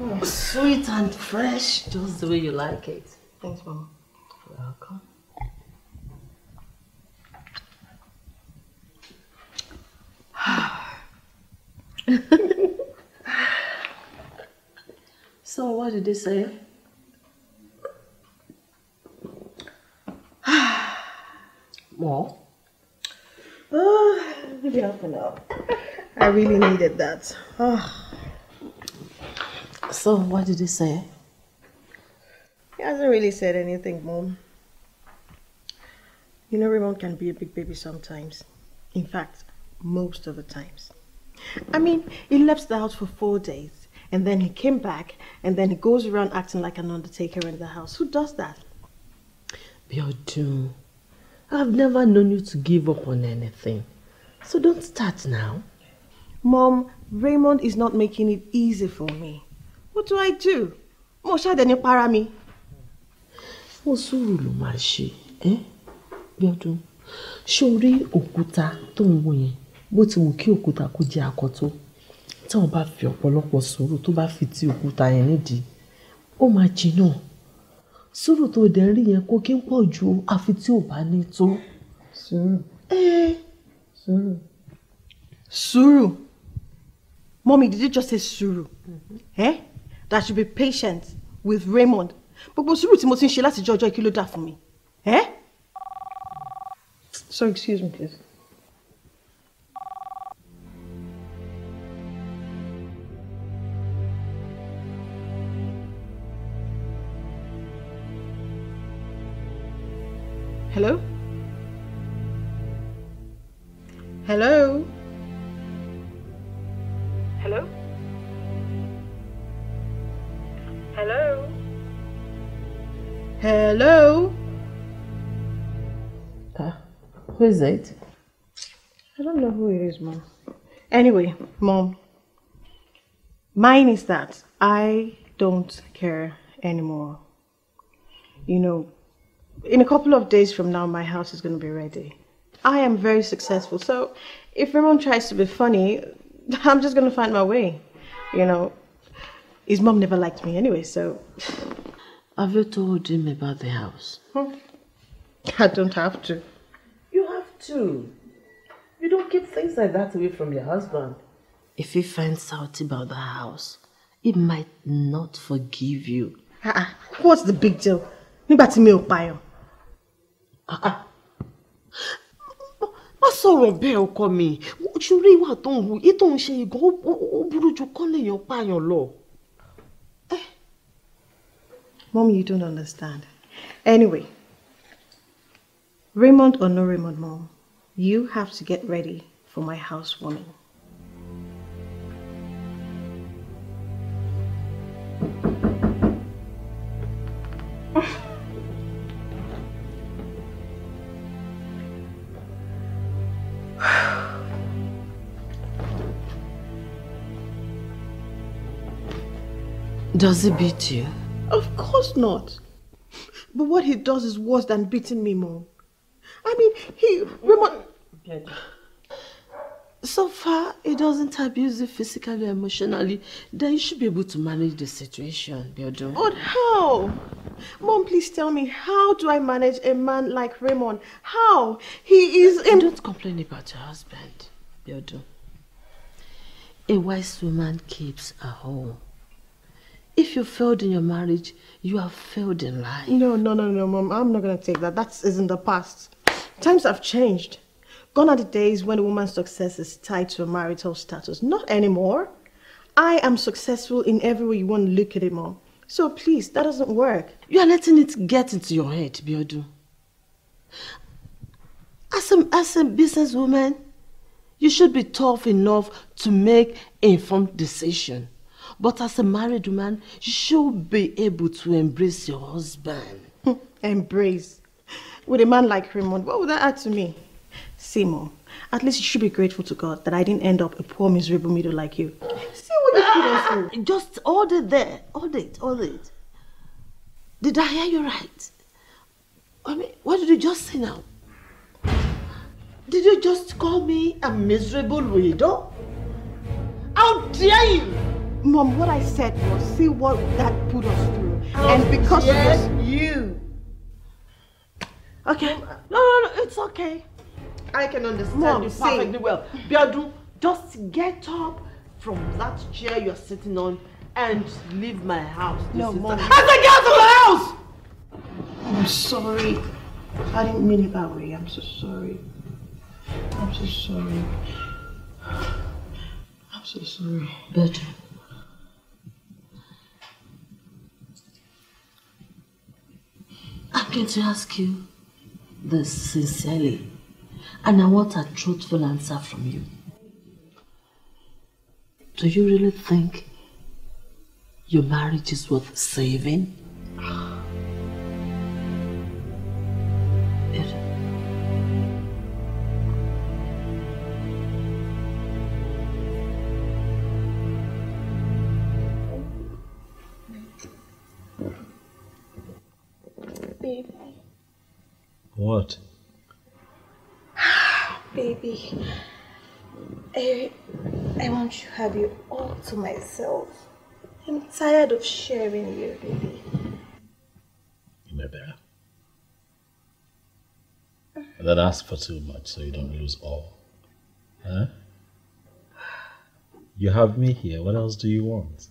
Oh, sweet and fresh, just the way you like it. Thanks, Mama. You're welcome. so what did they say? well, oh, maybe half an hour. I really needed that. Oh. So what did he say? He hasn't really said anything, Mom. You know, Raymond can be a big baby sometimes. In fact, most of the times. I mean, he left the house for four days and then he came back and then he goes around acting like an undertaker in the house. Who does that? Biodun, I've never known you to give up on anything. So don't start now. Mom, Raymond is not making it easy for me. What do I do? Mosha deni para mi. Osuru eh? Biodun, shori òkúta tó ń bó ti wù kí òkúta kó jẹ àkọ́tó táwọn bá fi ọ̀pọ̀lọpọ̀ sùúrù tó bá fi ti òkúta yẹn nídìí ó máa jiná sùúrù tó dẹ̀ rí yẹn kó kí ń pọ̀ ju àfi tí ò bá ní tó. sùúrù. sùúrù. sùúrù. Mommy, did you just say sùúrù? Mm-hmm. Eh? That should be patient with Raymond. Gbogbo sùúrù tí mo ti ń ṣe láti jọ ọjọ́ kí ló dà fún mi? Eh? So excuse me please. Hello? Hello? Hello? Hello? Hello? Uh, who is it? I don't know who it is, Mom. Anyway, Mom, mine is that I don't care anymore. You know, in a couple of days from now, my house is going to be ready. I am very successful. So if everyone tries to be funny, I'm just going to find my way. You know, his mom never liked me anyway, so. Have you told him about the house? Hmm? I don't have to. You have to. You don't keep things like that away from your husband. If he finds out about the house, he might not forgive you. Uh -uh. What's the big deal? Nígbà tí mi ò má sọ̀rọ̀ bẹ́ẹ̀ ọkọ mi ojú rí ìwà tó ń hu ètò ń ṣe ìgò ó burú ju kọ́ lèèyàn pààyàn lọ. Eh. Mom, you don't understand. Anyway, Raymond or no Raymond, Mom, you have to get ready for my housewarming. Oh. Does he beat you? Of course not. But what he does is worse than beating me, Mom. I mean, he... Raymond... So far, he doesn't abuse you physically or emotionally. Then you should be able to manage the situation, Biodo. But how? Mom, please tell me, how do I manage a man like Raymond? How? He is... In... Don't complain about your husband, Biodo. A wise woman keeps a home. If you failed in your marriage, you have failed in life. No, no, no, no, Mom. I'm not going to take that. That is in the past. Times have changed. Gone are the days when a woman's success is tied to a marital status. Not anymore. I am successful in every way you want to look at it, Mom. So please, that doesn't work. You are letting it get into your head, Biodu. As a, as a businesswoman, you should be tough enough to make informed decisions. But as a married woman, you should be able to embrace your husband. Hmm, embrace? With a man like Raymond, what would that add to me? Simo, at least you should be grateful to God that I didn't end up a poor, miserable widow like you. See what you put us ah, Just order there. Order it, order it. Did I hear you right? I mean, what did you just say now? Did you just call me a miserable widow? How dare you! Mom, what I said was, see what that put us through. Oh, and because yes, of this, you. Okay. No, no, no, it's okay. I can understand Mom, you perfectly see. well. Biadu, just get up from that chair you're sitting on and leave my house. This no, Mom. I said get out of my house! I'm sorry. I didn't mean it that way. I'm so sorry. I'm so sorry. I'm so sorry. Better. I'm going to ask you this sincerely, and I want a truthful answer from you. Do you really think your marriage is worth saving? to myself. I'm tired of sharing you, baby. Maybe. That ask for too much so you don't lose all. Huh? You have me here. What else do you want?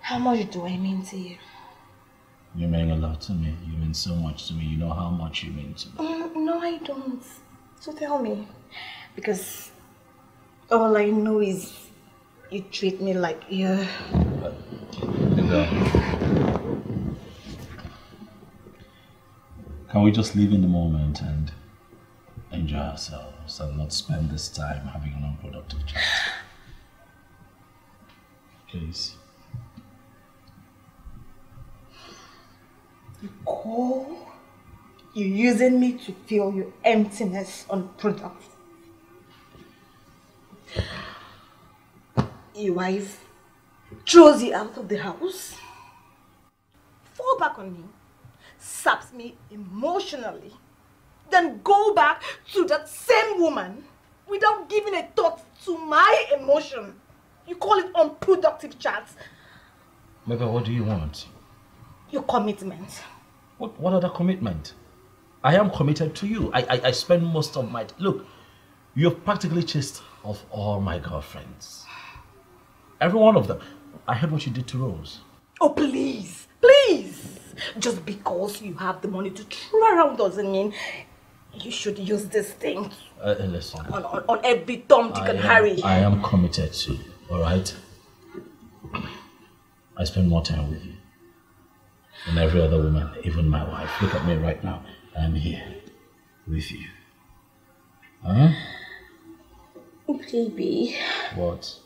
How much do I mean to you? You mean a lot to me. You mean so much to me. You know how much you mean to me. Mm, no, I don't. So tell me. Because all I know is you treat me like you. Linda. Can we just live in the moment and enjoy ourselves and not spend this time having an unproductive chat? Please. You call? You're using me to fill your emptiness unproductive. wife throws you out of the house, fall back on me, saps me emotionally, then go back to that same woman without giving a thought to my emotion. You call it unproductive chats. Maybe what do you want? Your commitment. What, what other commitment? I am committed to you. I, I, I spend most of my... Look, you've practically chased off all my girlfriends. Every one of them. I heard what you did to Rose. Oh, please, please. Just because you have the money to throw around doesn't mean you should use this thing. Uh, uh listen. On, on, on every Tom, Dick, and Harry. I am committed to you, all right? I spend more time with you than every other woman, even my wife. Look at me right now. I'm here with you. Huh? Oh, baby. What?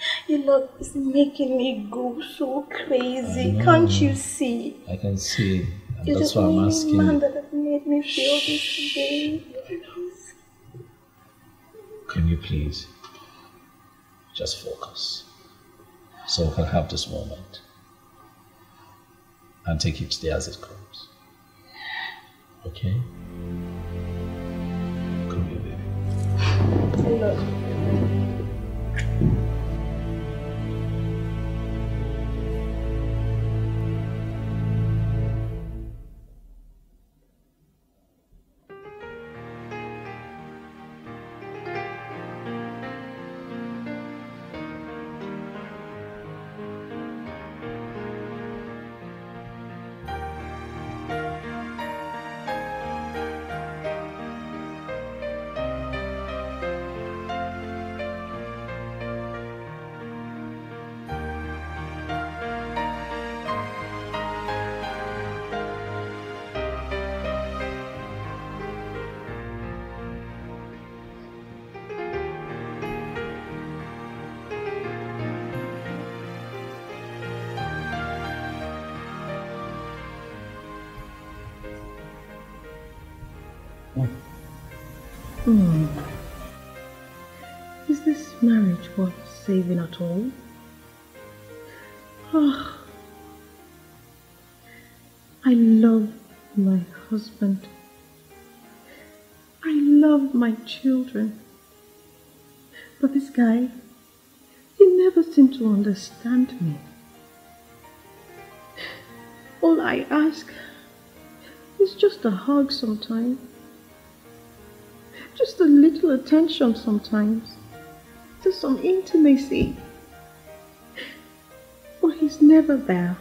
Your love is making me go so crazy. Can't you see? I can see. And You're that's why I'm asking. man that has made me feel this way. Can you please just focus so we can have this moment and take each day as it comes? Okay? Come here, baby. I love you. saving at all? Oh, I love my husband. I love my children. But this guy, he never seemed to understand me. All I ask is just a hug sometimes, just a little attention sometimes. Some intimacy. For he's never there.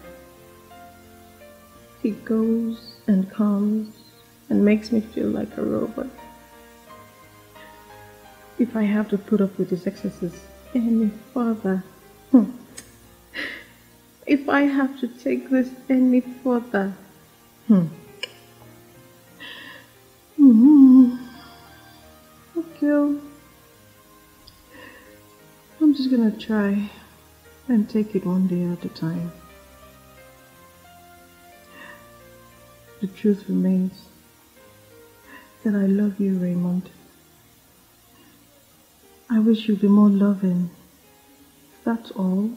He goes and comes and makes me feel like a robot. If I have to put up with his excesses any further, hmm. if I have to take this any further, hmm. Mm -hmm. Okay. I'm just gonna try and take it one day at a time. The truth remains that I love you, Raymond. I wish you'd be more loving. That's all.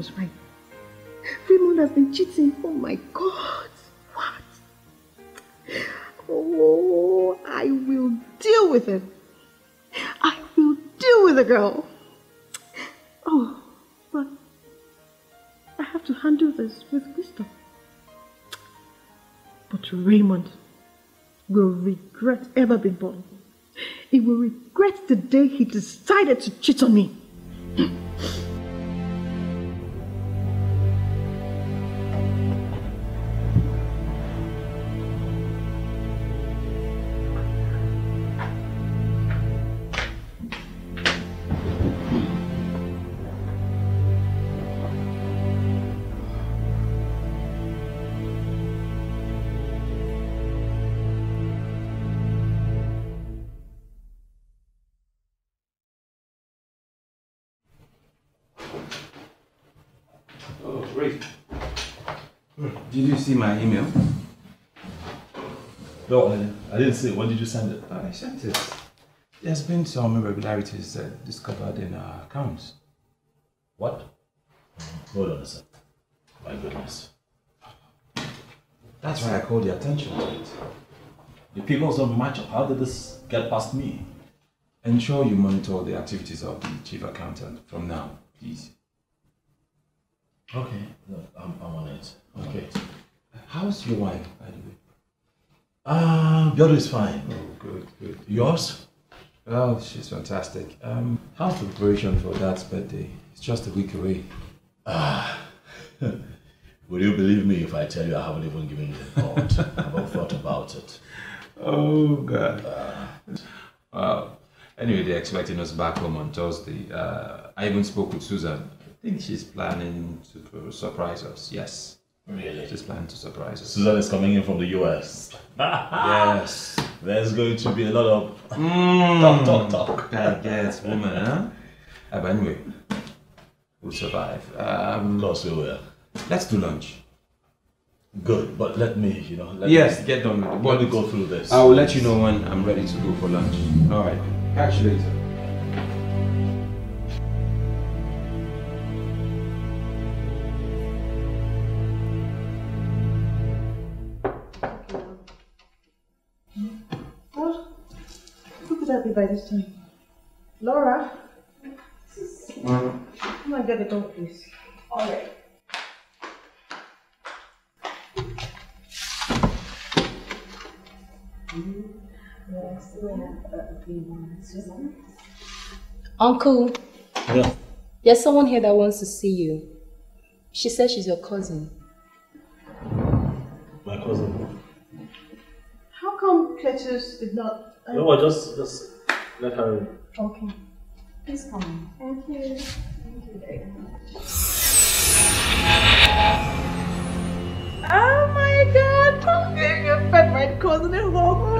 was right. Raymond has been cheating. Oh my God. What? Oh, I will deal with it. I will deal with the girl. Oh, but I have to handle this with wisdom. But Raymond will regret ever being born. He will regret the day he decided to cheat on me. Did you see my email? No, I, didn't see it. When did you send it? I sent it. There's been some irregularities uh, discovered in our accounts. What? Hold on a second. My goodness. That's why I called your attention to it. The people don't match up. How did this get past me? Ensure you monitor the activities of the chief accountant from now, please. Okay, no, I'm, I'm on it. Okay. How's your wife, by the way? Ah, uh, Biodo is fine. Oh, good, good. Yours? Oh, she's fantastic. Um, how's preparation for dad's birthday? It's just a week away. Ah, will you believe me if I tell you I haven't even given it a thought? I haven't thought about it. Oh, God. Uh, ah. wow. Anyway, they're expecting us back home on Thursday. Uh, I even spoke with Susan. I think she's planning to surprise us. Yes. Really? She's planning to surprise us. Susan is coming in from the US. yes. There's going to be a lot of mm, talk, talk, talk. guess woman, huh? but anyway, we'll survive. Um, of course we will. Let's do lunch. Good, but let me, you know. yes, me, get done Let me go through this. I will let you know when I'm ready to go for lunch. All right. Catch you later. by this time. Laura, come and get the dog, please. All right. Uncle. Yeah. There's someone here that wants to see you. She says she's your cousin. My cousin. How come Cletus did not? Um... No, I just, just let her. Okay. Please come Thank you. Thank you very much. Oh my god, I'm being a cousin in Hong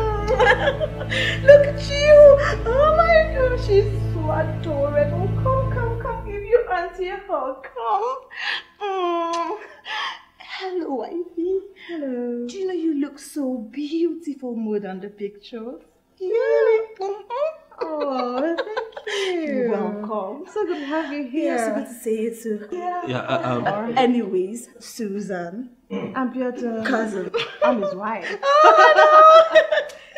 Look at you! Oh my god, she's so adorable. Come, come, come, give your auntie a hug. Come. Mm. Hello, Ivy. Hello. Do you know you look so beautiful more than the picture? Really? Mm -hmm. Oh, thank you. You're welcome. So good to have you here. Yeah, so good to see you too. Yeah. yeah uh, um, anyways, Susan. Mm. I'm Peter. Uh, cousin. I'm his wife.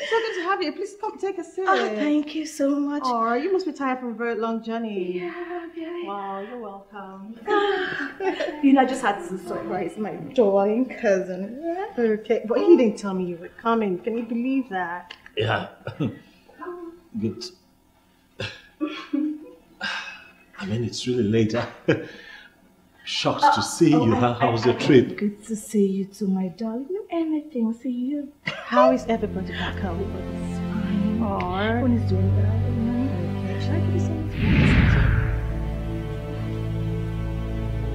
Oh, no. so good to have you. Please come take a seat. Oh, thank you so much. Oh, you must be tired from a very long journey. Yeah, yeah. Wow, you're welcome. you know, I just had to surprise my darling cousin. Okay, but he didn't tell me you were coming. Can you believe that? Yeah. good. I mean, it's really late. I'm shocked to see oh, oh you. How was your trip? Good to see you too, my darling. No anything, see you. How is everybody back home? Everybody's fine. Or... is doing well. Okay. Should I give you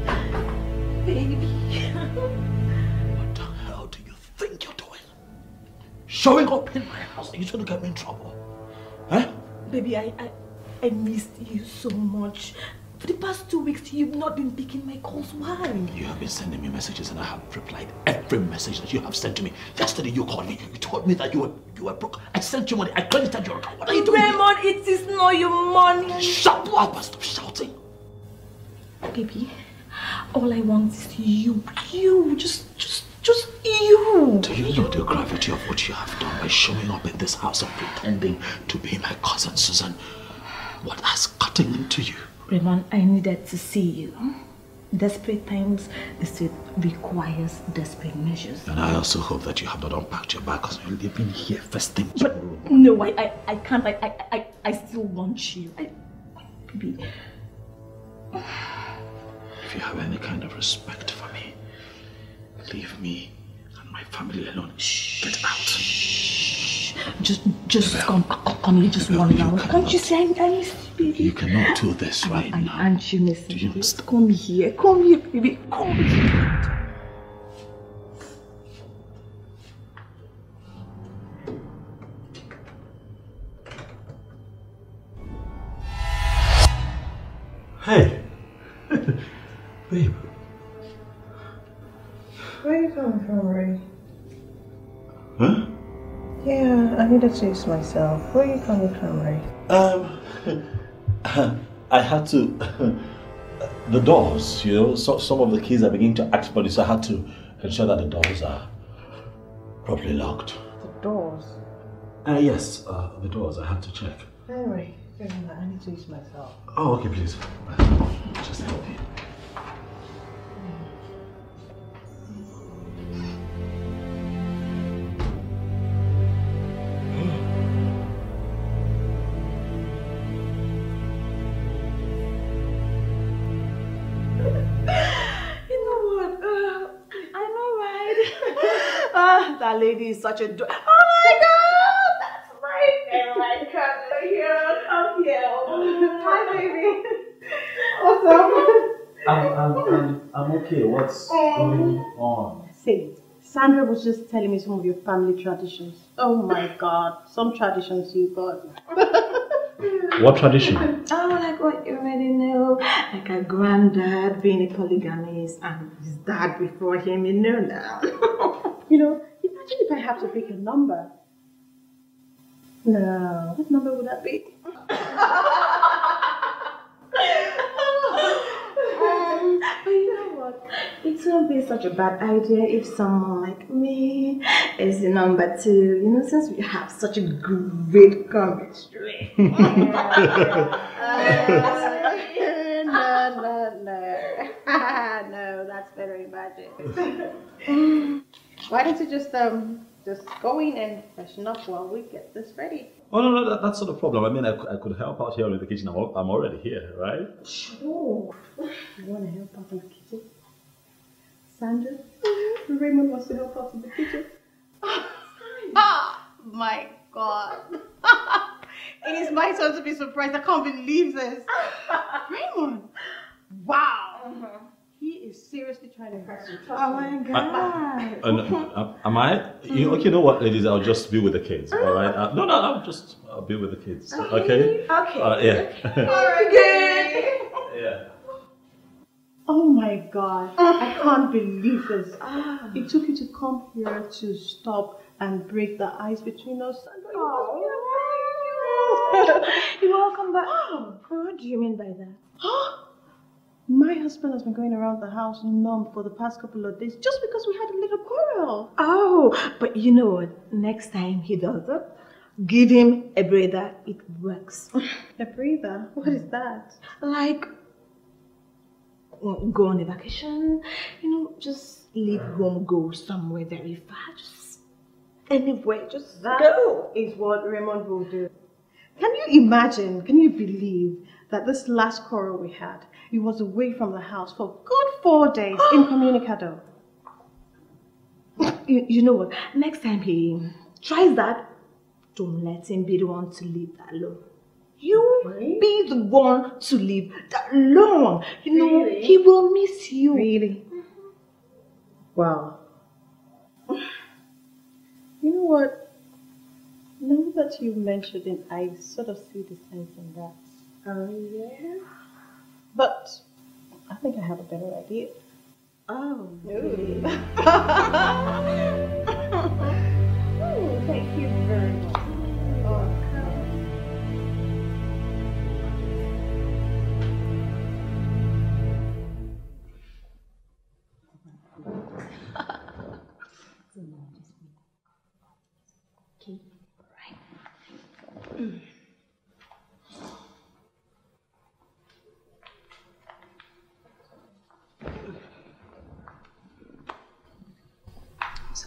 something? Baby. What the hell do you think you're doing? Showing up in my house, are you trying to get me in trouble? Huh? Baby, I, I, I missed you so much. For the past two weeks, you've not been picking my calls. Why? You have been sending me messages and I have replied every message that you have sent to me. Yesterday you called me. You told me that you were, you were broke. I sent you money. I credited your account. What are you doing Raymond, here? it is not your money. Shut up and stop shouting. Baby, all I want is you. You. Just, just just you. Do you know the gravity of what you have done by showing up in this house and pretending to be my cousin Susan? What has gotten into you? Raymond, I needed to see you. Desperate times, the state requires desperate measures. And I also hope that you have not unpacked your bag because you're leaving here first thing tomorrow. But no, I, I, I can't. I, I, I, I still want you. I, baby. If you have any kind of respect Leave me and my family alone. Shh. Get out. Shh. Just, just come, come, come just one hour. Can't you see anything, baby? You cannot do this right now. And you miss Do you understand? Come here, come here, baby, come here. Hey, babe. Where are you coming from, Ray? Huh? Yeah, I need to use myself. Where are you coming from, Ray? Um, I had to. the doors, you know, so, some of the keys are beginning to act funny, so I had to ensure that the doors are properly locked. The doors? Uh, yes, uh, the doors. I had to check. Anyway, I need to use myself. Oh, okay, please. Just help me. lady is such a do- oh my god that's right and like come here come here hi baby I'm, I'm, I'm, I'm okay what's going on say it Sandra was just telling me some of your family traditions. Oh my god, some traditions you got. what tradition? Oh, like what you already know. Like a granddad being a polygamist and his dad before him, you know now. you know, Imagine if I have to pick a number. No, what number would that be? but you know what? It won't be such a bad idea if someone like me is the number two. You know, since we have such a great chemistry. yeah. uh, no, no, no. no, that's very magic. Why don't you just um just go in and freshen up while we get this ready? Oh no, no, that, that's not a problem. I mean, I, I could help out here in the kitchen. I'm, I'm already here, right? Sure. You want to help out in the kitchen? Sandra, mm-hmm. Raymond wants to help out in the kitchen. Ah, my God. it is my turn to be surprised. I can't believe this. Raymond, wow. Uh -huh. He is seriously trying to impress you. Trust oh me. my God. I, uh, am I? You, mm. okay, you know what, ladies? I'll just be with the kids, all right? Ah. Uh, no, no, I'll just I'll be with the kids, okay? Ah. Okay. okay. Uh, yeah. All right, good. Yeah. Oh my God. I can't believe this. Ah. It took you to come here to stop and break the ice between us. Oh. You're welcome back. Oh, what do you mean by that? My husband has been going around the house numb for the past couple of days just because we had a little quarrel. Oh, but you know what? Next time he does it, give him a breather. It works. a breather? What is that? Like go on a vacation, you know, just leave home, go somewhere very far, just anywhere, just that go. is what Raymond will do. Can you imagine, can you believe that this last quarrel we had, he was away from the house for good four days, incommunicado. you, you know what? Next time he tries that, don't let him be the one to leave that alone. You really? be the one to leave that alone. You know, really? he will miss you. Really? Mm-hmm. Wow. You know what? Now that you mentioned it, I sort of see the sense in that. Oh, yeah? But I think I have a better idea. Oh. Ooh. Ooh, thank you very much.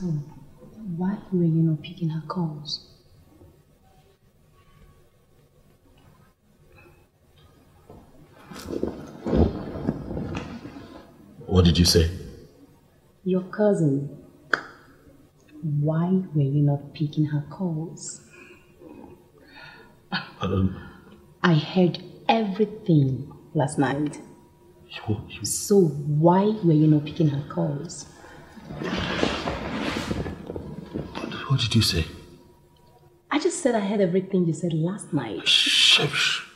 So, why were you not picking her calls? What did you say? Your cousin. Why were you not picking her calls? Pardon? I heard everything last night. You, you... So why were you not picking her calls? What did you say? I just said I heard everything you said last night. Shush.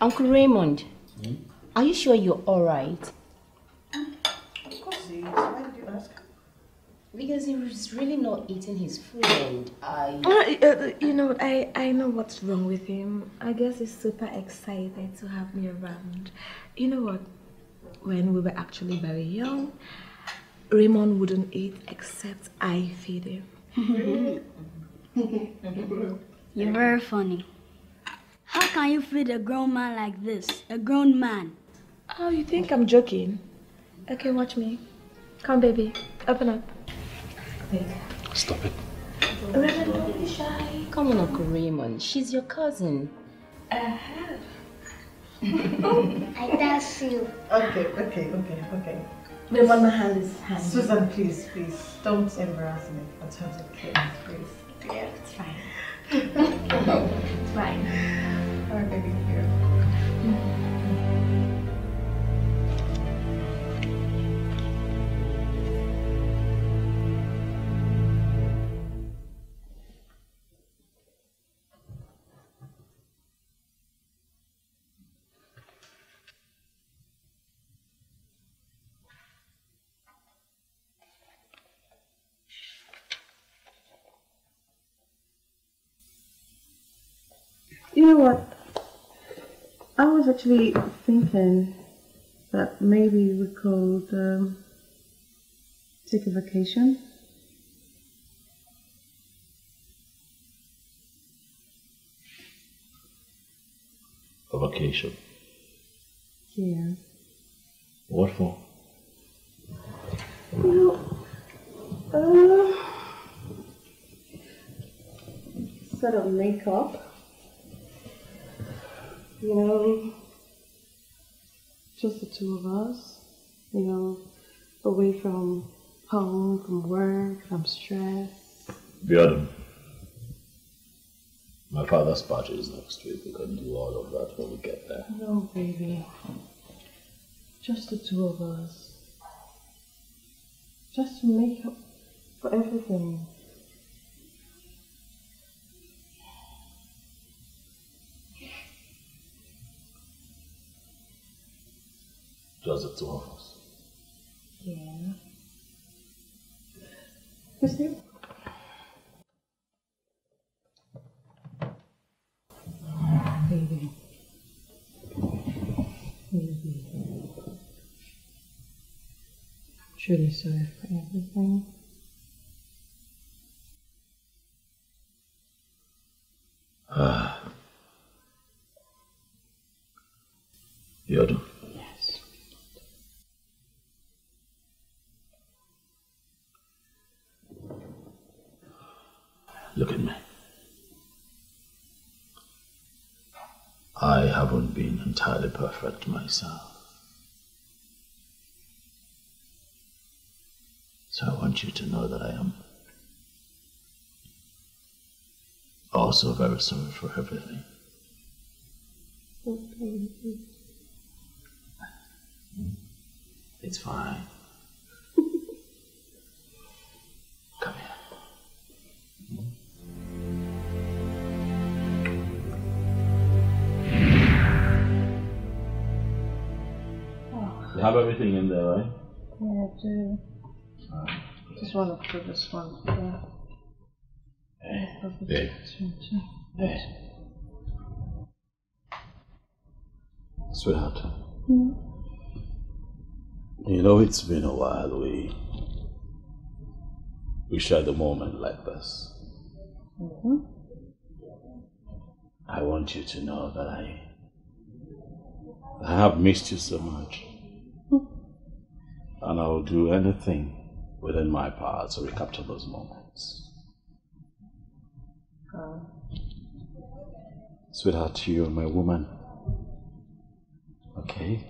Uncle Raymond, hmm? are you sure you're alright? Of course he is. Why did you ask? Because he was really not eating his food and I... Uh, uh, you know, I, I know what's wrong with him. I guess he's super excited to have me around. You know what? When we were actually very young, Raymond wouldn't eat except I feed him. You're very funny. How can you feed a grown man like this? A grown man. Oh, you think I'm joking? Okay, watch me. Come, baby. Open up. Stop it. Raymond, don't be shy. Come on, Uncle Raymond. She's your cousin. Uh-huh. I dare you. Okay, okay, okay, okay. But my hand is hand. Susan, please, please, don't embarrass me in terms of kids, please. Yeah, it's fine. it's fine. All right, baby, here. know what? I was actually thinking that maybe we could um, take a vacation. A vacation? Yeah. What for? You know, uh, sort of makeup you know, just the two of us, you know, away from home, from work, from stress. Björn, my father's party is next week. We can do all of that when we get there. No, baby. Just the two of us. Just to make up for everything. It was the of us. Yeah. Who's name? Baby. Baby. I'm truly sorry for everything. Ah. You're done. Look at me. I haven't been entirely perfect myself. So I want you to know that I am also very sorry for everything. It's fine. Come here. You have everything in there, right? Yeah, I do. Right. Just want to put this one there. Yeah. Sweetheart. Hmm? You know, it's been a while we we shared a moment like this. Mm -hmm. I want you to know that I I have missed you so much and I will do anything within my power to recapture those moments. Oh. Sweetheart, you are my woman. Okay?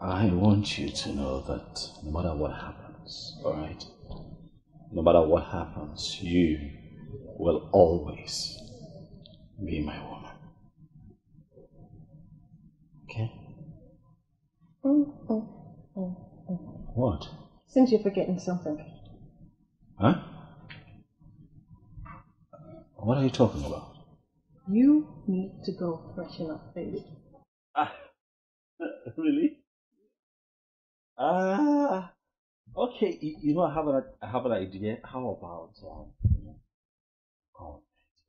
I want you to know that no matter what happens, alright? No matter what happens, you will always be my woman. Okay? what? Since you're forgetting something. Huh? What are you talking about? You need to go freshen up, baby. Ah, really? Ah, okay. You, know, I have an I have an idea. How about um, you come to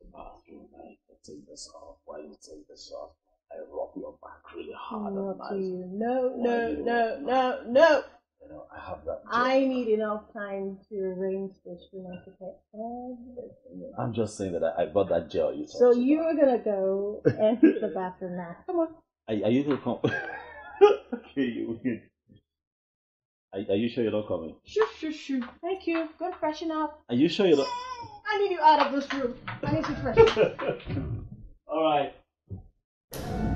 the bathroom? I take this off. Why you take this off? I rub your back really hard Not oh, and nice. You. No, no, no, no, no, no. You know, I have that. Job. I need enough time to arrange this for my everything. I'm just saying that I, I bought that gel. You so you are gonna go and the bathroom now. Come on. Are, are you gonna come? okay, you win. Are, are you sure you're not coming? Shoo, shoo, shoo. Thank you. Go and freshen up. Are you sure you're not? I need you out of this room. I need to freshen up. All right you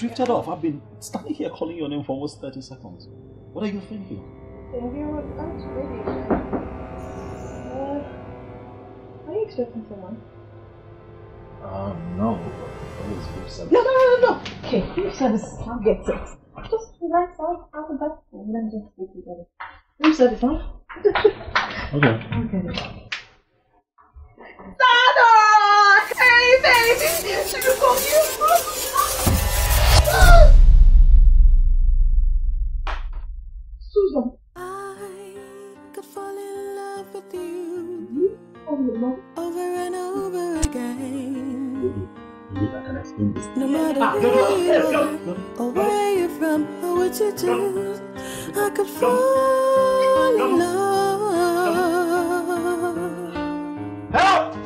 drifted off. I've been standing here calling your name for almost 30 seconds. What are you thinking? Thinking that's really. Uh, are you expecting someone? Um, no. What is beef service? No, no, no, no, no! Okay, beef service, I'll get it. Just relax, I'll have a bath. Let me just sleep together. Beef service, huh? okay. Okay. Dada! Hey, baby! Should you call you? Susan. I could fall in love with you over and over again. No matter ah, where you are or where you're from or what you do, I could fall in love. Help!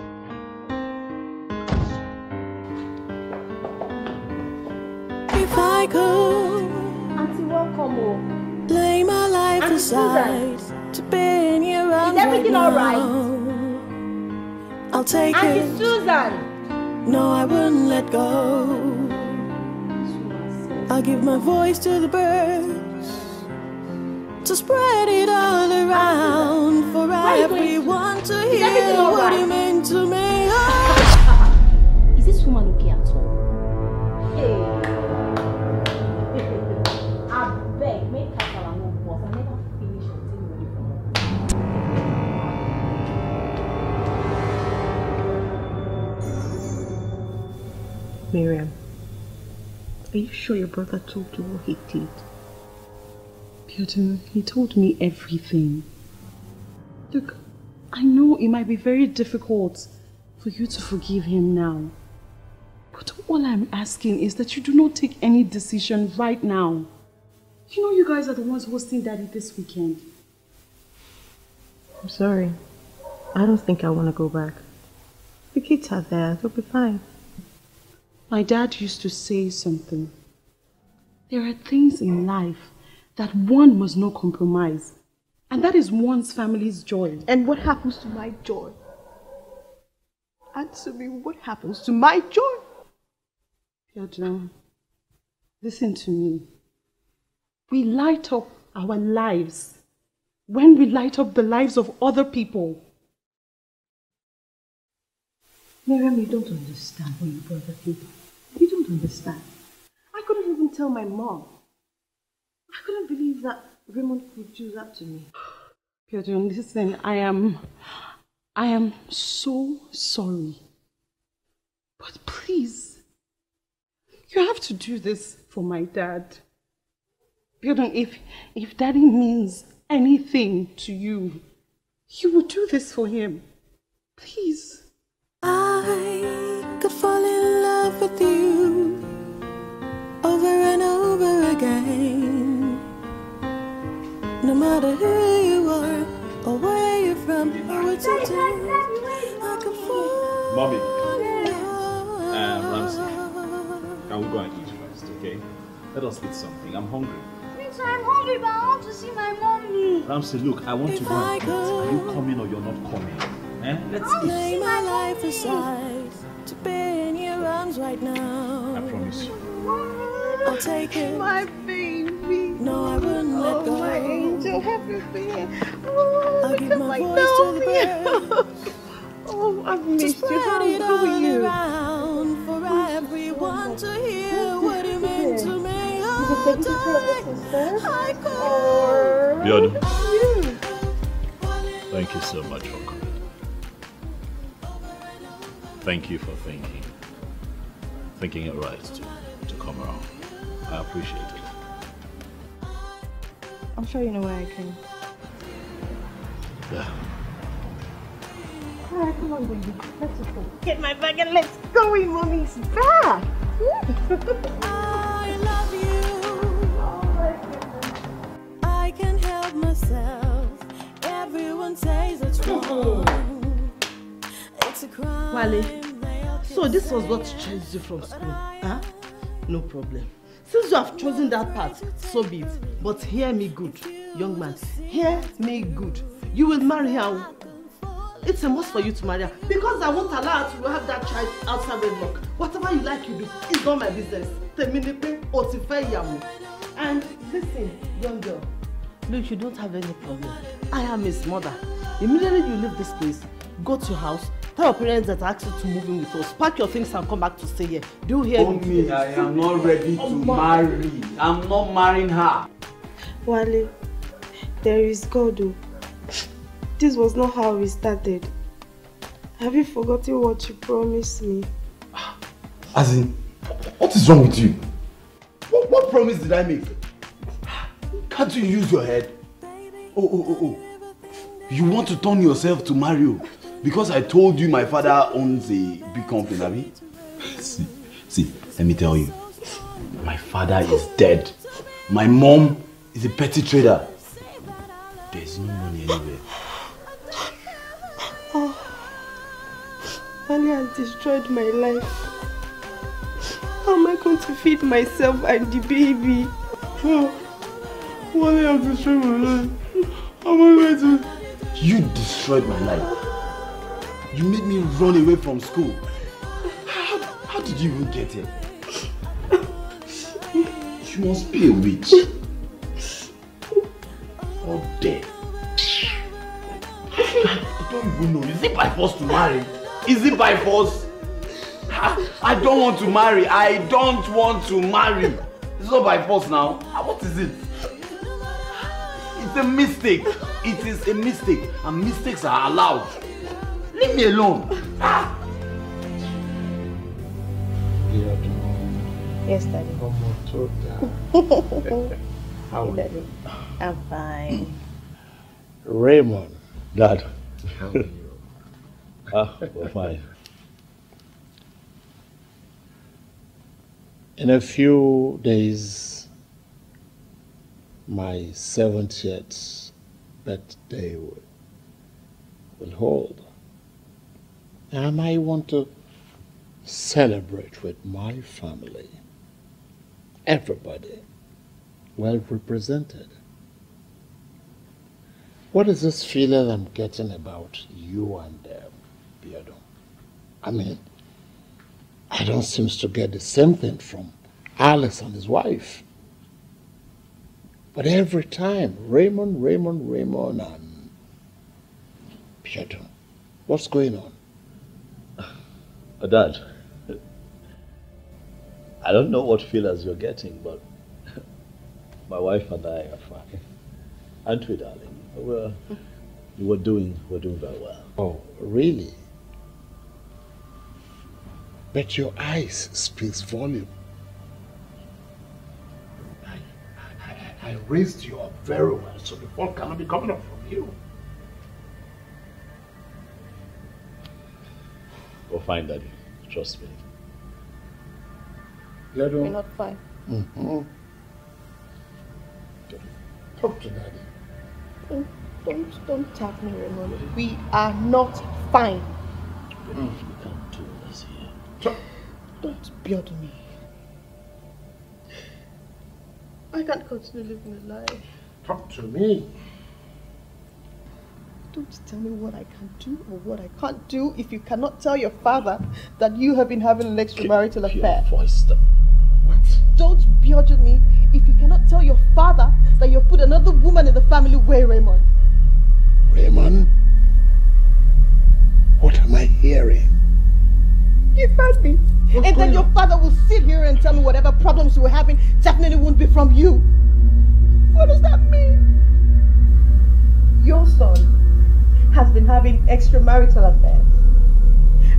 If I could. Auntie, welcome home. Oh. To be Is everything all right? I'll take Auntie it. Susan. No, I wouldn't let go. I'll give my voice to the birds to spread it all around for everyone to hear what you mean to me. Oh. Miriam, Are you sure your brother told you what he did? Piotr, he told me everything. Look, I know it might be very difficult for you to forgive him now. But all I'm asking is that you do not take any decision right now. You know you guys are the ones hosting daddy this weekend. I'm sorry. I don't think I want to go back. The kids are there. They'll be fine. My dad used to say something. There are things in life that one must not compromise. And that is one's family's joy. And what happens to my joy? Answer me, what happens to my joy? Piedra, listen to me. We light up our lives when we light up the lives of other people. Miriam, you don't understand what you brother people couldn't understand. I couldn't even tell my mom. I couldn't believe that Raymond could do that to me. Piotr, listen, I am. I am so sorry. But please, you have to do this for my dad. Piotr, if, if daddy means anything to you, you will do this for him. Please. I could fall in love with you. matter who you are or where you're from or what you do. I can fall. Mommy. Ramsey. I will uh, go and eat first, okay? Let us eat something. I'm hungry. I'm hungry, but I want to see my mommy. Ramsey, look, I want to go and eat. Are you coming or you're not coming? Eh? Let's I'll eat. my life aside to be in your arms right now. I promise you. I'll take it. My baby. No, I wouldn't oh, let go i have Oh, I give my like, voice no, to the birds. oh, I've missed you. How, how are you? Around for everyone to hear what you mean to me. Oh, Björn, thank you so much for coming. Thank you for thinking, thinking it right to, to come around. I appreciate it. I'm show you know way I can. Yeah. Alright, come on, baby. Let's go. Get my bag and let's go in mommy's back. Ah! I love you. Oh I can help myself. Everyone says it's wrong. it's a crime. Wale, so this was what changed you from school, huh? No problem. Since you have chosen that path, so be it. But hear me good, young man. Hear me good. You will marry her. It's a must for you to marry her because I won't allow her to have that child outside wedlock. Whatever you like, you do. It's not my business. Teminipe otife yamu. And listen, young girl. Look, you don't have any problem. I am his mother. Immediately you leave this place, go to your house, Tell your parents that I ask you to move in with us. Pack your things and come back to stay here. Do you hear oh, me? me? I am not ready oh, to ma marry. I'm not marrying her. Wale, there is God. Oh. This was not how we started. Have you forgotten what you promised me? As in, what is wrong with you? What, what promise did I make? Can't you use your head? Oh, oh, oh, oh. You want to turn yourself to Mario? Because I told you my father owns a big company, Abby. See, see, let me tell you. My father is dead. My mom is a petty trader. There's no money anywhere. Oh, Ali has destroyed my life. How am I going to feed myself and the baby? Oh, Ali has destroyed my life. How am I going to... You destroyed my life. You made me run away from school. How, how did you even get here? She must be a witch. Or dead. I don't even know. Is it by force to marry? Is it by force? I don't want to marry. I don't want to marry. It's not by force now. Ah, what is it? It's a mistake. It is a mistake. And mistakes are allowed. Leave me alone. Ah. Yes, Daddy. How are you? I'm fine. Raymond, Dad. How are you? ah, we're fine. In a few days, my 70th birthday will, will hold. I I want to celebrate with my family. Everybody well represented. What is this feeling I'm getting about you and them, Beardo? I mean, I don't seem to get the same thing from Alice and his wife. But every time, Raymond, Raymond, Raymond, and Beardo, what's going on? Dad, I don't know what feelers you're getting, but my wife and I are fine. Aren't we, darling? We're, we're doing, we're doing very well. Oh, really? But your eyes speaks volume. I, I, I raised you up very well, so the fault cannot be coming up from you. We'll find Daddy. Trust me. You're not fine. Mm -hmm. Talk to Daddy. Don't, don't, don't tap me, Raymond. We are not fine. Mm. can't do this here. Don't build me. I can't continue living a lie. Talk to me. Don't tell me what I can do or what I can't do if you cannot tell your father that you have been having an extramarital Keep affair. Your voice What? Don't begrudge me if you cannot tell your father that you've put another woman in the family way, Raymond. Raymond? What am I hearing? You heard me. What's and then your on? father will sit here and tell me whatever problems you were having definitely won't be from you. What does that mean? Your son has been having extramarital affairs.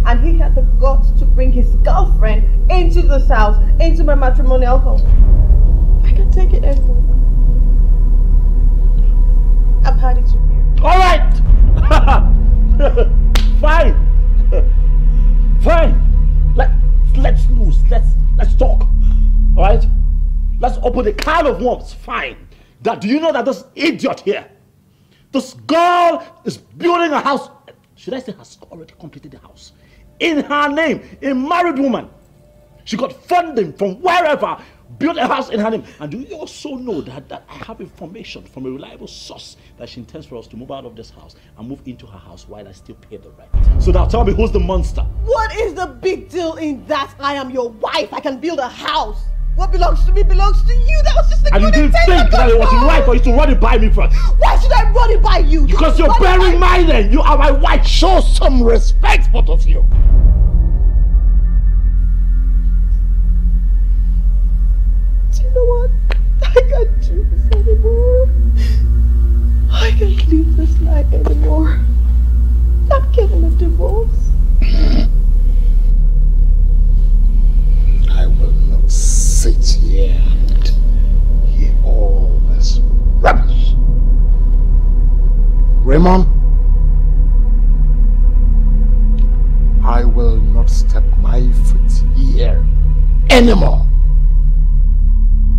And he has got to bring his girlfriend into this house, into my matrimonial home. I can take it anymore. I've had it to you. Alright! Fine! Fine! Let, let's lose. Let's let's talk. Alright? Let's open the can of worms. Fine. That do you know that this idiot here this girl is building a house. Should I say has already completed the house? In her name, a married woman. She got funding from wherever, built a house in her name. And do you also know that, that I have information from a reliable source that she intends for us to move out of this house and move into her house while I still pay the rent? So now tell me who's the monster? What is the big deal in that? I am your wife. I can build a house. What belongs to me belongs to you. That was just the And you didn't think that it was right for you to run it by me first. Why should I run it by you? Because you're bearing my name. You are my wife. Show some respect, both of you. Do you know what? I can't do this anymore. I can't live this life anymore. I'm getting a divorce. Come I will not step my foot here anymore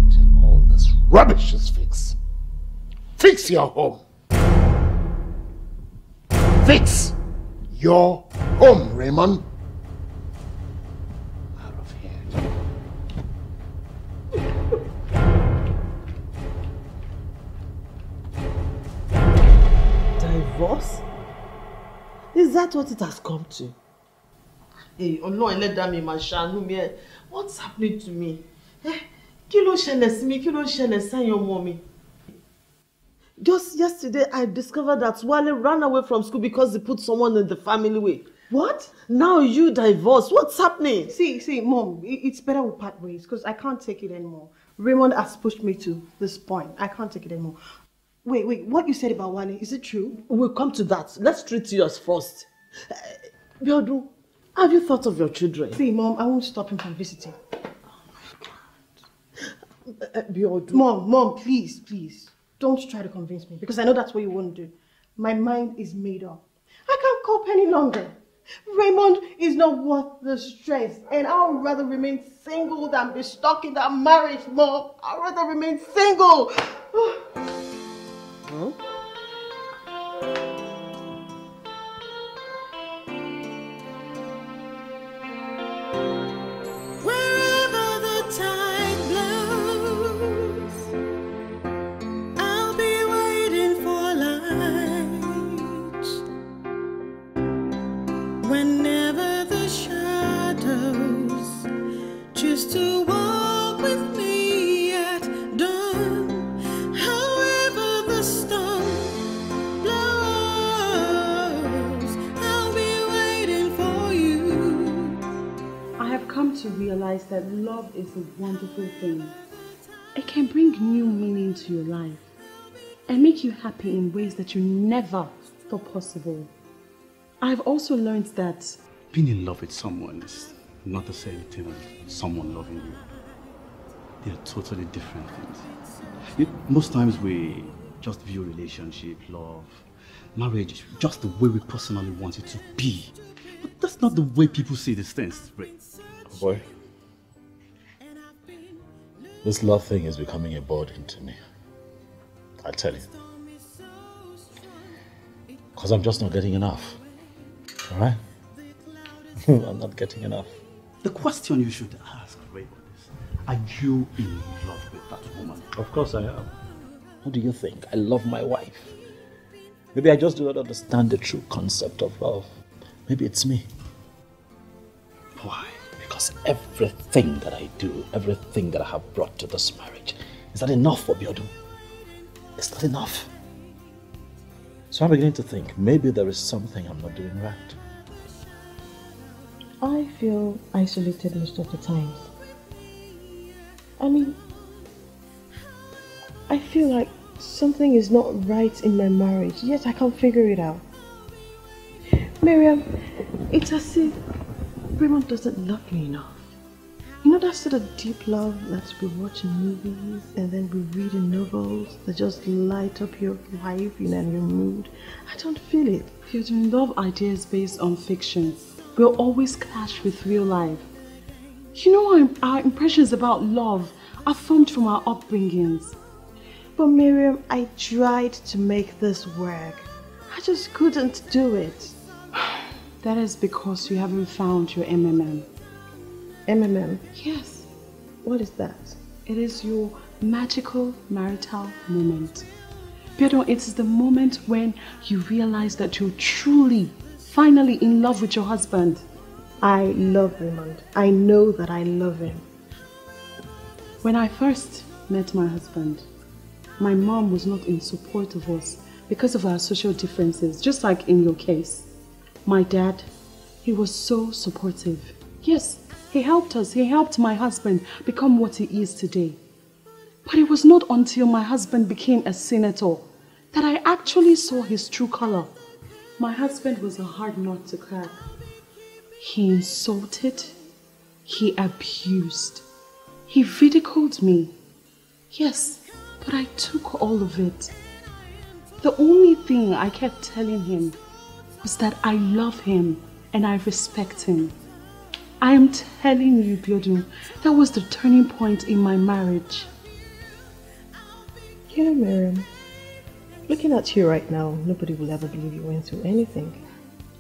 until all this rubbish is fixed. Fix your home. Fix your home, Raymond. divorce? Is that what it has come to? Hey, Ọlọ́run ẹlẹ́dàá mi máa ṣàánú mi ẹ̀. What's happening to me? Eh, kí ló ṣẹlẹ̀ sí mi? Kí mommy. Just yesterday, I discovered that Wale ran away from school because he put someone in the family way. What? Now you divorce. What's happening? See, see, Mom, it's better we part ways because I can't take it anymore. Raymond has pushed me to this point. I can't take it anymore. Wait, wait, what you said about Wani, is it true? We'll come to that. Let's treat yours first. Uh, have you thought of your children? See, Mom, I won't stop him from visiting. Uh, Mom, Mom, please, please. Don't try to convince me because I know that's what you won't do. My mind is made up. I can't cope any longer. Raymond is not worth the stress and I would rather remain single than be stuck in that marriage, Mom. I'd rather remain single. Hum? realize that love is a wonderful thing. It can bring new meaning to your life and make you happy in ways that you never thought possible. I've also learned that being in love with someone is not the same thing as someone loving you. They are totally different things. most times we just view relationship, love, marriage just the way we personally want it to be. But that's not the way people see these things, right? boy. This love thing is becoming a burden to me. I tell you. Because I'm just not getting enough. Alright? I'm not getting enough. The question you should ask, Raymond, is Are you in love with that woman? Of course I am. What do you think? I love my wife. Maybe I just do not understand the true concept of love. Maybe it's me. Why? Because everything that I do, everything that I have brought to this marriage, is that enough for Biodu? Is that enough? So I'm beginning to think maybe there is something I'm not doing right. I feel isolated most of the time. I mean, I feel like something is not right in my marriage, yet I can't figure it out. Miriam, it's as if Everyone doesn't love me enough. You know that sort of deep love that we watch in movies and then we read in novels that just light up your life you know, and your mood? I don't feel it. Filtering love ideas based on fiction will always clash with real life. You know, our, our impressions about love are formed from our upbringings. But Miriam, I tried to make this work. I just couldn't do it. That is because you haven't found your MMM. MMM? Yes. What is that? It is your magical marital moment. Pedro, it is the moment when you realize that you're truly, finally in love with your husband. I love Raymond. I know that I love him. When I first met my husband, my mom was not in support of us because of our social differences, just like in your case. My dad, he was so supportive. Yes, he helped us. He helped my husband become what he is today. But it was not until my husband became a senator that I actually saw his true color. My husband was a hard nut to crack. He insulted, he abused, he ridiculed me. Yes, but I took all of it. The only thing I kept telling him that I love him and I respect him. I am telling you, Biodun, that was the turning point in my marriage. You Miriam, looking at you right now, nobody will ever believe you went through anything.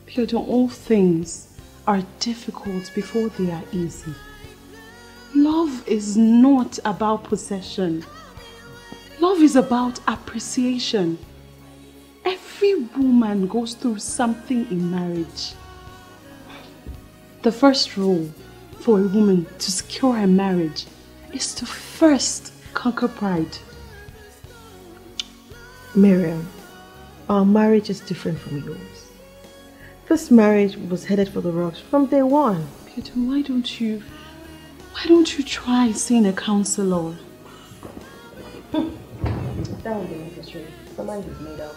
Biodun, all things are difficult before they are easy. Love is not about possession. Love is about appreciation. Every woman goes through something in marriage. The first rule for a woman to secure her marriage is to first conquer pride. Miriam, our marriage is different from yours. This marriage was headed for the rocks from day one. Peter, why don't you, why don't you try seeing a counselor? that would be necessary. The mind is made up.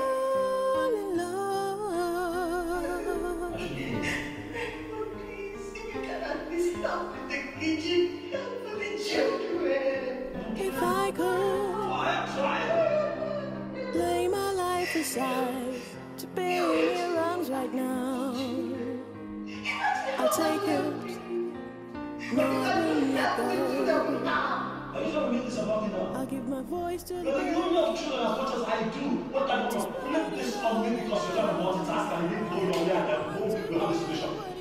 Stop with the kitchen for the children. If I could lay my life aside to be in your arms right now, I'll take it. No, I'll give my voice to the You love children as much as I do. What you of flip this on me because you don't want it? Ask and you go your way and then boom, you have a solution.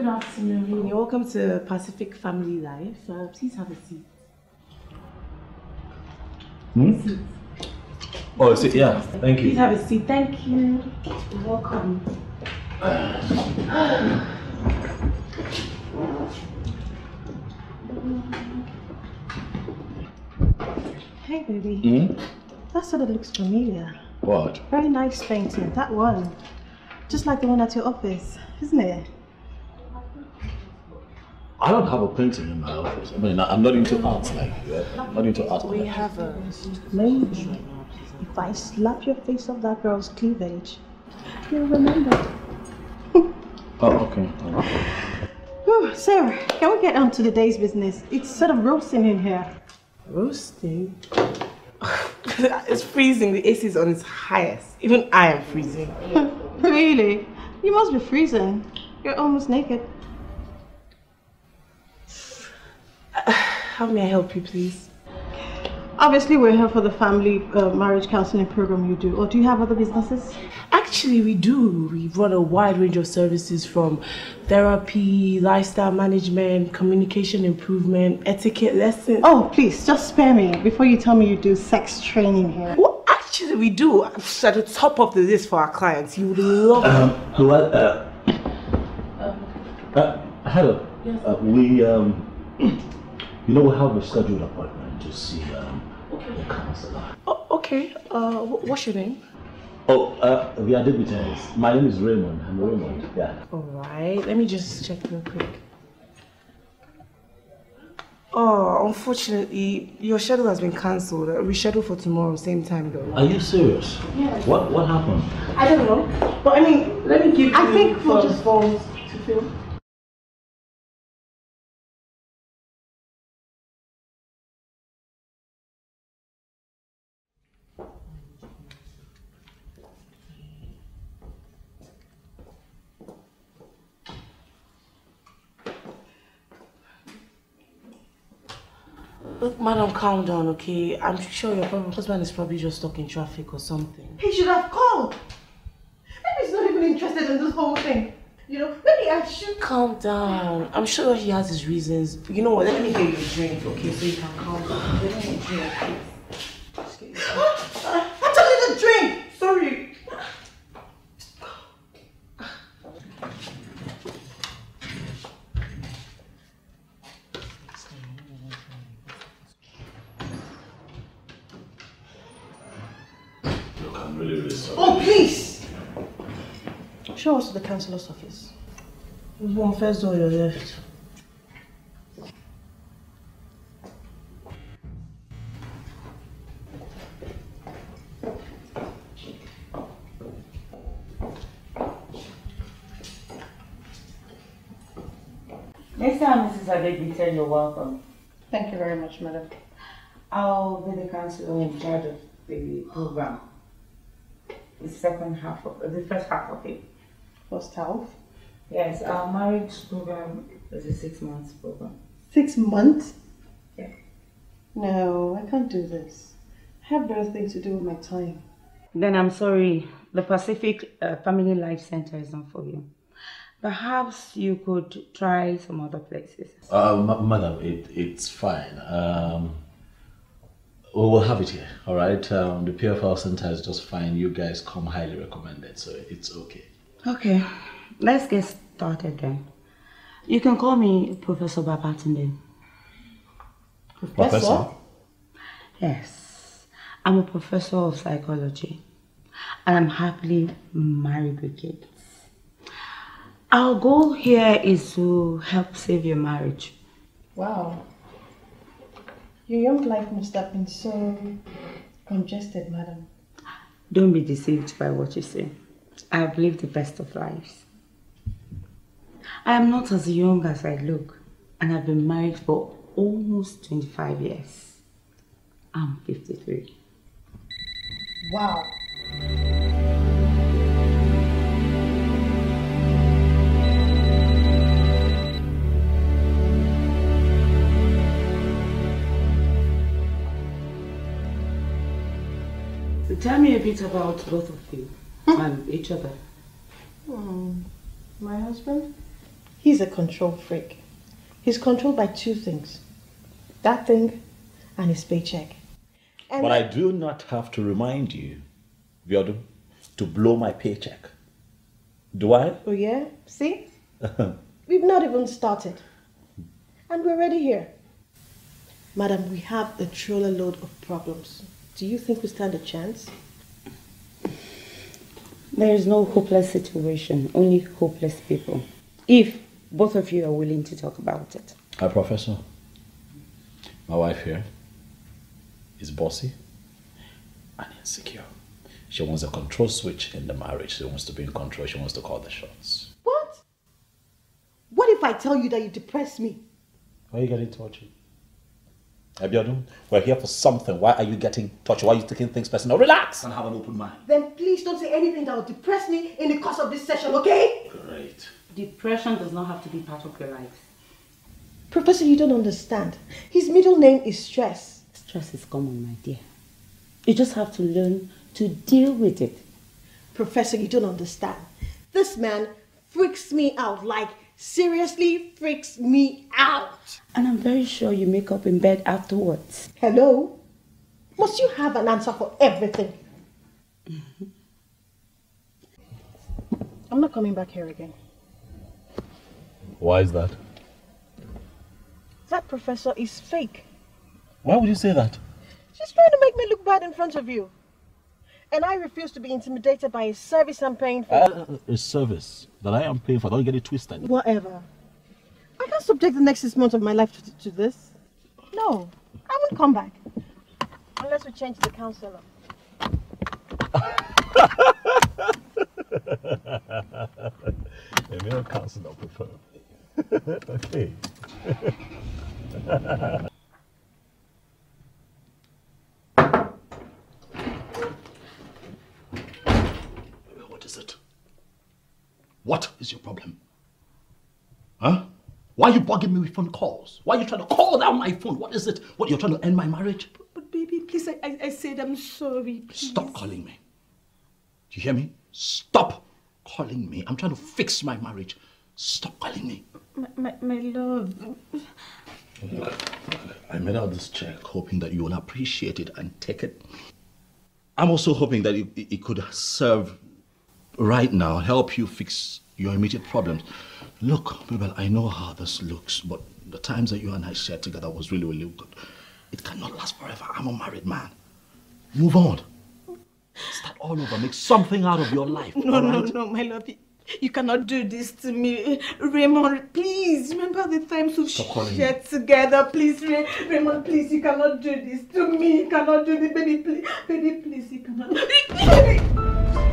Good afternoon. you welcome to Pacific Family Life. Uh, please have a seat. Hmm? Seat. Oh, seat, yeah. Thank you. Please have a seat. Thank you. You're welcome. hey, baby. Mm? That sort of looks familiar. What? Very nice painting. That one. Just like the one at your office, isn't it? I don't have a painting in my office. I mean, I'm not into art like you. I'm not into art. We have a lady. If I slap your face off that girl's cleavage, you'll remember. oh, okay. okay. Whew, Sarah, can we get on to the day's business? It's sort of roasting in here. Roasting? it's freezing. The AC is on its highest. Even I am freezing. really? You must be freezing. You're almost naked. How may I help you, please? Obviously, we're here for the family uh, marriage counseling program you do. Or do you have other businesses? Actually, we do. We run a wide range of services from therapy, lifestyle management, communication improvement, etiquette lessons. Oh, please, just spare me before you tell me you do sex training here. Well, actually, we do. I'm at the top of the list for our clients. You would love um, Well, uh, um, uh, hello. Yes. Uh, we, um, you know, we have a scheduled appointment to see um, the counselor. Oh, okay. Uh, what's your name? Oh, uh, we are deputies. My name is Raymond. I'm Raymond. Yeah. All right. Let me just check real quick. Oh, unfortunately, your schedule has been cancelled. Rescheduled uh, for tomorrow, same time though. Are you serious? Yes. What What happened? I don't know. But I mean, let me give. I think we'll just forms to fill. Madam, calm down, okay? I'm sure your husband is probably just stuck in traffic or something. He should have called. Maybe he's not even interested in this whole thing. You know, maybe I should... Calm down. I'm sure he has his reasons. You know what, let me get you a drink, okay? So you can calm down. Let me drink. show us to the councillor's office. Bon, first door your left. Next time, Mrs. Adegita, you're welcome. Thank you very much, madam. I'll be the councillor in charge of the program. The second half of the first half of it first half. Yes, our marriage program is a six months program. Six months? Yeah. No, I can't do this. I have better things to do with my time. Then I'm sorry, the Pacific uh, Family Life Center is not for you. Perhaps you could try some other places. Uh, ma madam, it, it's fine. Um, we'll have it here, all right? Um, the PFL Center is just fine. You guys come highly recommended, so it's okay. Okay, let's get started then. You can call me Professor Babatunde. Professor? professor? Yes, I'm a professor of psychology and I'm happily married with kids. Our goal here is to help save your marriage. Wow. Your young life must have been so congested, madam. Don't be deceived by what you see. I have lived the best of lives. I am not as young as I look and I've been married for almost 25 years. I'm 53. Wow. So tell me a bit about both of you and each other. Mm. My husband? He's a control freak. He's controlled by two things that thing and his paycheck. And but I do not have to remind you, Vyodu, to blow my paycheck. Do I? Oh, yeah. See? We've not even started. And we're already here. Madam, we have a troller load of problems. Do you think we stand a chance? There is no hopeless situation, only hopeless people. If both of you are willing to talk about it. Hi, Professor. My wife here is bossy and insecure. She wants a control switch in the marriage. She wants to be in control. She wants to call the shots. What? What if I tell you that you depress me? Why are you getting tortured? We're here for something. Why are you getting touchy? Why are you taking things personal? Relax and have an open mind. Then please don't say anything that will depress me in the course of this session, okay? Great. Depression does not have to be part of your life. Professor, you don't understand. His middle name is stress. Stress is common, my dear. You just have to learn to deal with it. Professor, you don't understand. This man freaks me out like seriously freaks me out. And I'm very sure you make up in bed afterwards. Hello? Must you have an answer for everything? I'm not coming back here again. Why is that? That professor is fake. Why would you say that? She's trying to make me look bad in front of you and I refuse to be intimidated by a service I'm paying for. Uh, a service that I am paying for. Don't get it twisted. Whatever. I can't subject the next six months of my life to, to this. No, I won't come back. Unless we change the counselor. a real counselor preferred. okay. What is your problem? Huh? Why are you bugging me with phone calls? Why are you trying to call down my phone? What is it? What, you're trying to end my marriage? But, but baby, please, I, I, said I'm sorry, please. Stop calling me. Do you hear me? Stop calling me. I'm trying to fix my marriage. Stop calling me. My, my, my love. Look, I made out this check hoping that you will appreciate it and take it. I'm also hoping that it, it could serve right now, help you fix your immediate problems. Look, Mabel, I know how this looks, but the times that you and I shared together was really, really good. It cannot last forever. I'm a married man. Move on. Start all over. Make something out of your life. No, no, no, my love. You cannot do this to me. Raymond, please, remember the times we've shared together. Please, Ray Raymond, please, you cannot do this to me. You cannot do this. Baby, please. Baby, please, you cannot. Baby!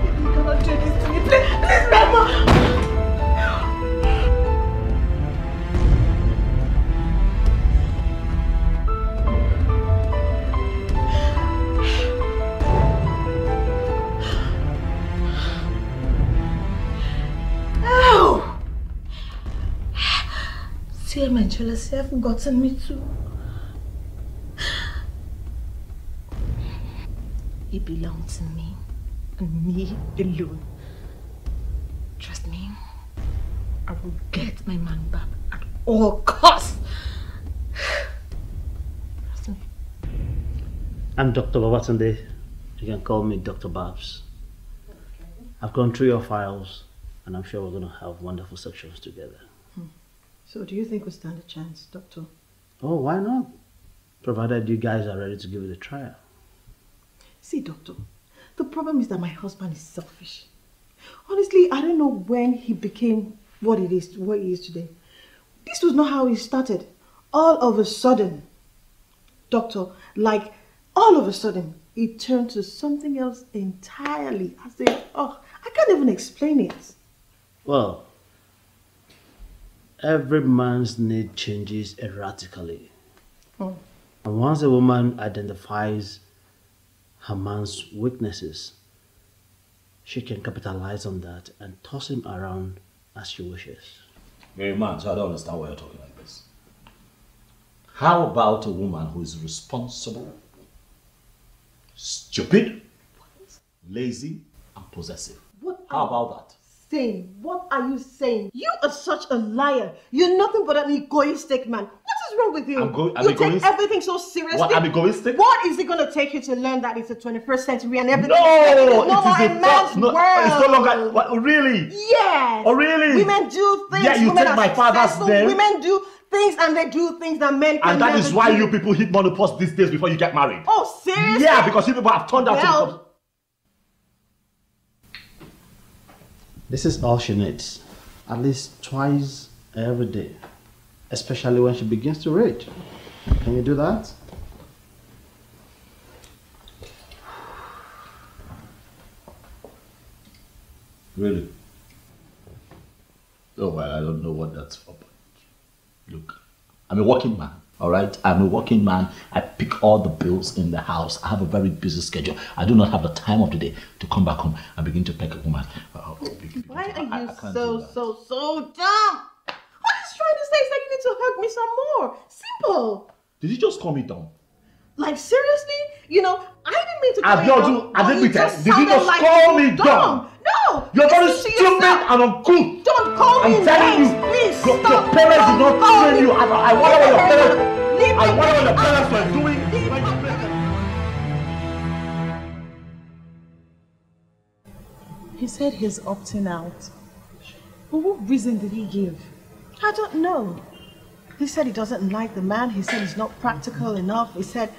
cannot do this to me. Please, please, Mama. fear my jealousy have gotten me too. It belonged to me and me alone. Trust me, I will get my man back at all costs. Trust me. I'm Dr. Babatunde. You can call me Dr. Babs. I've gone through your files and I'm sure we're going to have wonderful sections together. Hmm. So do you think we stand a chance, Doctor? Oh, why not? Provided you guys are ready to give it a trial. See, Doctor, the problem is that my husband is selfish. Honestly, I don't know when he became what it is, what he is today. This was not how he started. All of a sudden, doctor, like all of a sudden, it turned to something else entirely. I said, oh, I can't even explain it. Well, every man's need changes erratically. Oh. And once a woman identifies her man's weaknesses, she can capitalize on that and toss him around as she wishes. Very I don't understand why you're talking like this. How about a woman who is responsible, stupid, lazy, and possessive? What? How about that? saying? What are you saying? You are such a liar. You're nothing but an egoistic man. What is wrong with you? I'm go- I'm you egoist- take everything so seriously. What, I'm egoistic? What is it going to take you to learn that it's the 21st century and everything? No! It's no it is a man's no, world. It's no longer... What, oh, really? Yes. Oh, really? Women do things. Yeah, you women take my father's death. Women do things and they do things that men can And that is why do. you people hit monopost these days before you get married. Oh, seriously? Yeah, because you people have turned out well, to... This is all she needs, at least twice every day, especially when she begins to read. Can you do that? Really? Oh, well, I don't know what that's for, but look, I'm a working man. All right. I'm a working man. I pick all the bills in the house. I have a very busy schedule. I do not have the time of the day to come back home and begin to pick a woman. Uh, Why are you I so, so, so dumb? What he's trying to say is that you need to hug me some more. Simple. Did you just call me dumb? Like, seriously? You know, I didn't mean to call Abiodu, you dumb. Abiodu, did you just, did you just like call me dumb. dumb. No! You're very stupid yourself. and uncool. Don't call I'm me names, please. Your, stop. your parents Don't did not train you. I, I wonder what your parents, I wonder what your parents were doing. He said he's opting out. But what reason did he give? I don't know. He said he doesn't like the man. He said he's not practical enough. He said...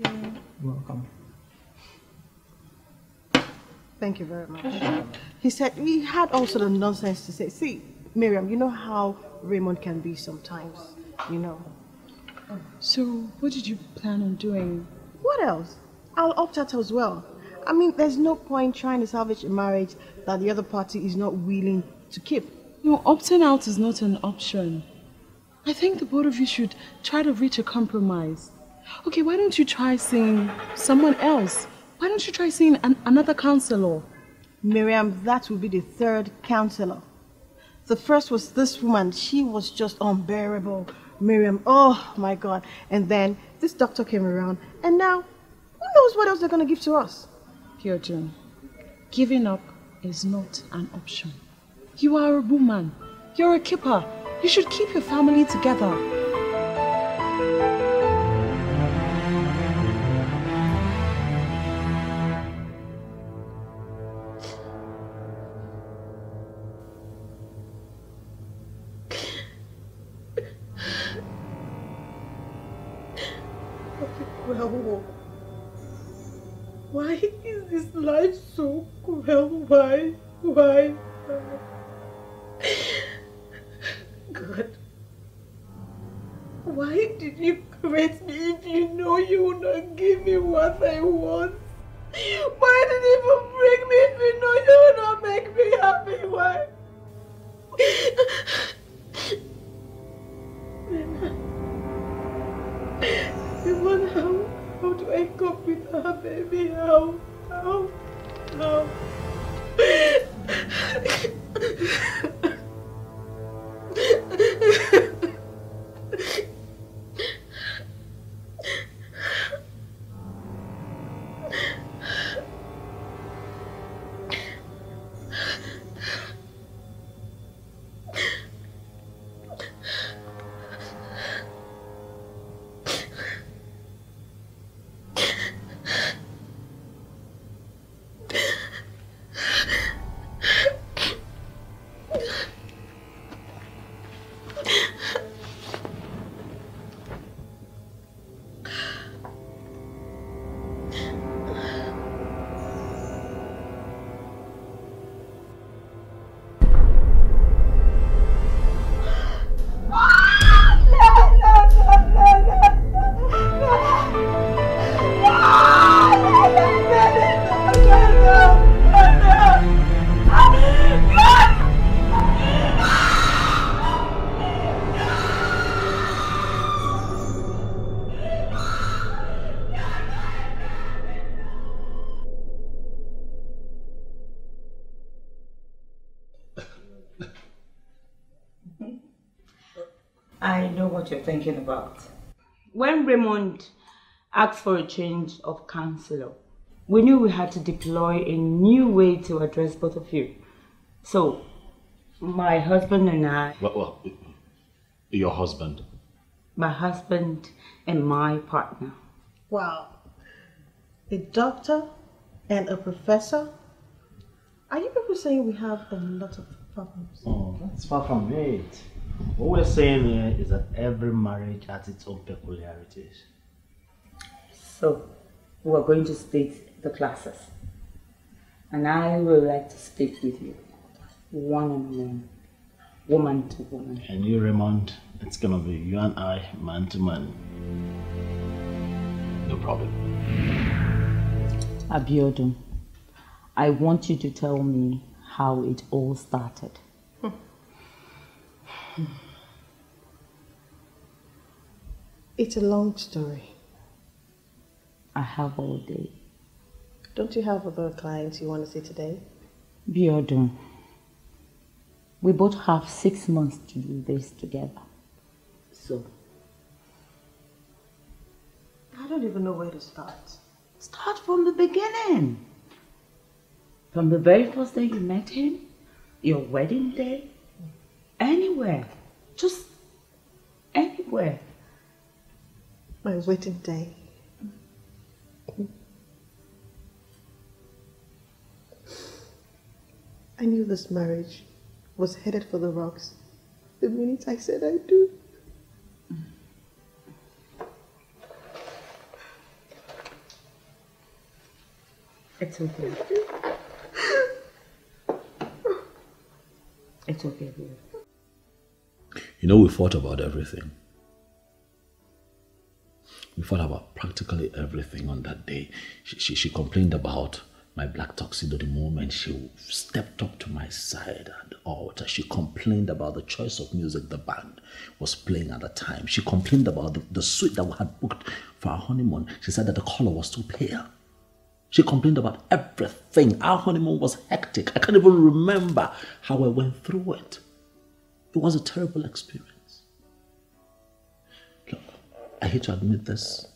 Thank you. Welcome. Thank you very much. he said, he had also the nonsense to say, see, Miriam, you know how Raymond can be sometimes, you know. So, what did you plan on doing? What else? I'll opt out as well. I mean, there's no point trying to salvage a marriage that the other party is not willing to keep. No, opting out is not an option. I think the both of you should try to reach a compromise. Okay, why don't you try seeing someone else? Why don't you try seeing an, another counselor? Miriam, that will be the third counselor. The first was this woman. She was just unbearable. Miriam, oh my God. And then this doctor came around, and now who knows what else they're going to give to us? Here, giving up is not an option. You are a woman. You're a keeper. You should keep your family together. you're thinking about. When Raymond asked for a change of counselor. we knew we had to deploy a new way to address both of you. So, my husband and I. Well, well your husband. My husband and my partner. Wow. A doctor and a professor? Are you people saying we have a lot of problems? Oh, that's far from it. What we're saying here is that every marriage has its own peculiarities. So, we're going to split the classes. And I would like to speak with you, one on one, woman to woman. And you, Raymond, it's gonna be you and I, man to man. No problem. Abiodun, I want you to tell me how it all started. It's a long story. I have all day. Don't you have other clients you want to see today? Biodun, we both have six months to do this together. So? I don't even know where to start. Start from the beginning. From the very first day you met him, your wedding day, Anywhere. Just anywhere. My wedding day. I knew this marriage was headed for the rocks the minute I said I do. It's okay. It's okay, dear. You know, we fought about everything. We fought about practically everything on that day. She, she, she complained about my black tuxedo the moment she stepped up to my side at the altar. She complained about the choice of music the band was playing at the time. She complained about the, the suite that we had booked for our honeymoon. She said that the color was too pale. She complained about everything. Our honeymoon was hectic. I can't even remember how I went through it. It was a terrible experience. Look, I hate to admit this,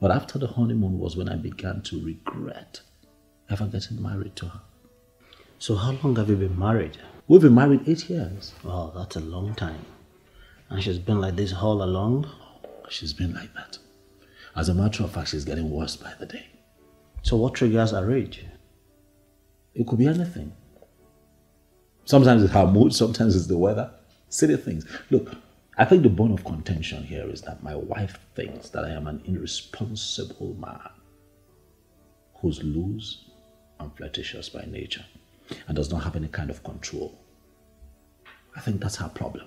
but after the honeymoon was when I began to regret ever getting married to her. So how long have you been married? We've been married eight years. Wow, that's a long time. And she's been like this all along? She's been like that. As a matter of fact, she's getting worse by the day. So what triggers a rage? It could be anything. Sometimes it's our mood, sometimes it's the weather. Silly things. Look, I think the bone of contention here is that my wife thinks that I am an irresponsible man who's loose and flirtatious by nature and does not have any kind of control. I think that's her problem.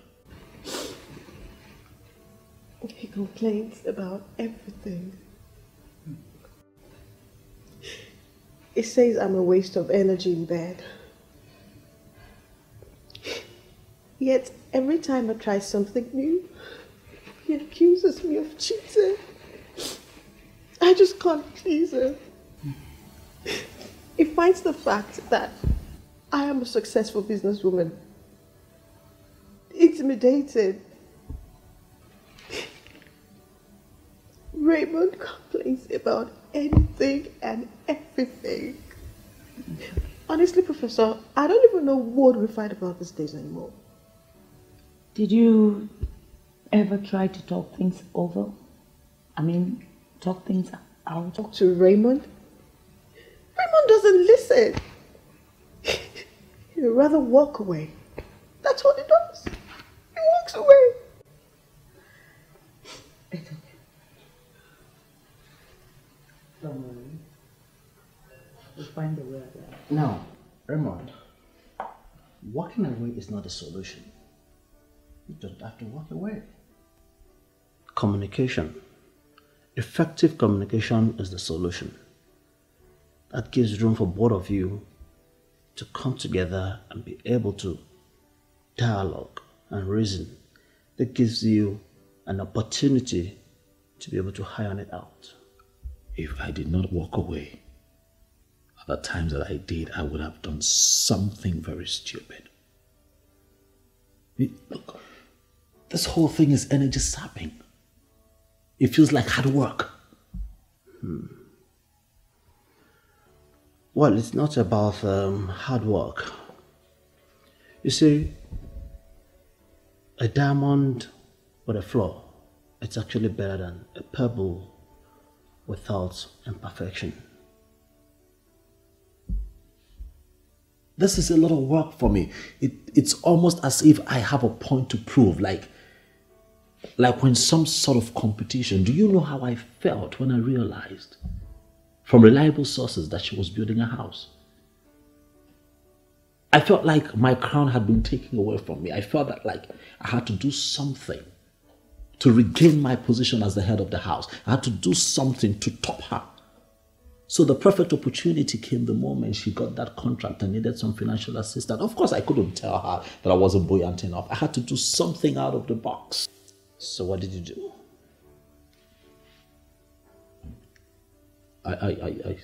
He complains about everything. He says I'm a waste of energy in bed. Yet every time I try something new, he accuses me of cheating. I just can't please him. He finds the fact that I am a successful businesswoman. Intimidated. Raymond complains about anything and everything. Honestly, Professor, I don't even know what we fight about these days anymore. Did you ever try to talk things over? I mean, talk things out? Talk to Raymond? Raymond doesn't listen. He'd rather walk away. That's what he does. He walks away. It's okay. Don't worry. We'll find a way out. No, Raymond, walking away is not a solution. You just have to walk away. Communication. Effective communication is the solution. That gives room for both of you to come together and be able to dialogue and reason. That gives you an opportunity to be able to iron it out. If I did not walk away at the times that I did, I would have done something very stupid. look, this whole thing is energy sapping. It feels like hard work. Hmm. Well, it's not about um, hard work. You see, a diamond with a flaw, it's actually better than a pebble without imperfection. This is a lot of work for me. It, it's almost as if I have a point to prove. Like, like when some sort of competition. Do you know how I felt when I realized from reliable sources that she was building a house? I felt like my crown had been taken away from me. I felt that like I had to do something to regain my position as the head of the house. I had to do something to top her. So the perfect opportunity came the moment she got that contract and needed some financial assistance. Of course, I couldn't tell her that I wasn't buoyant enough. I had to do something out of the box. So what did you do? I, I, I,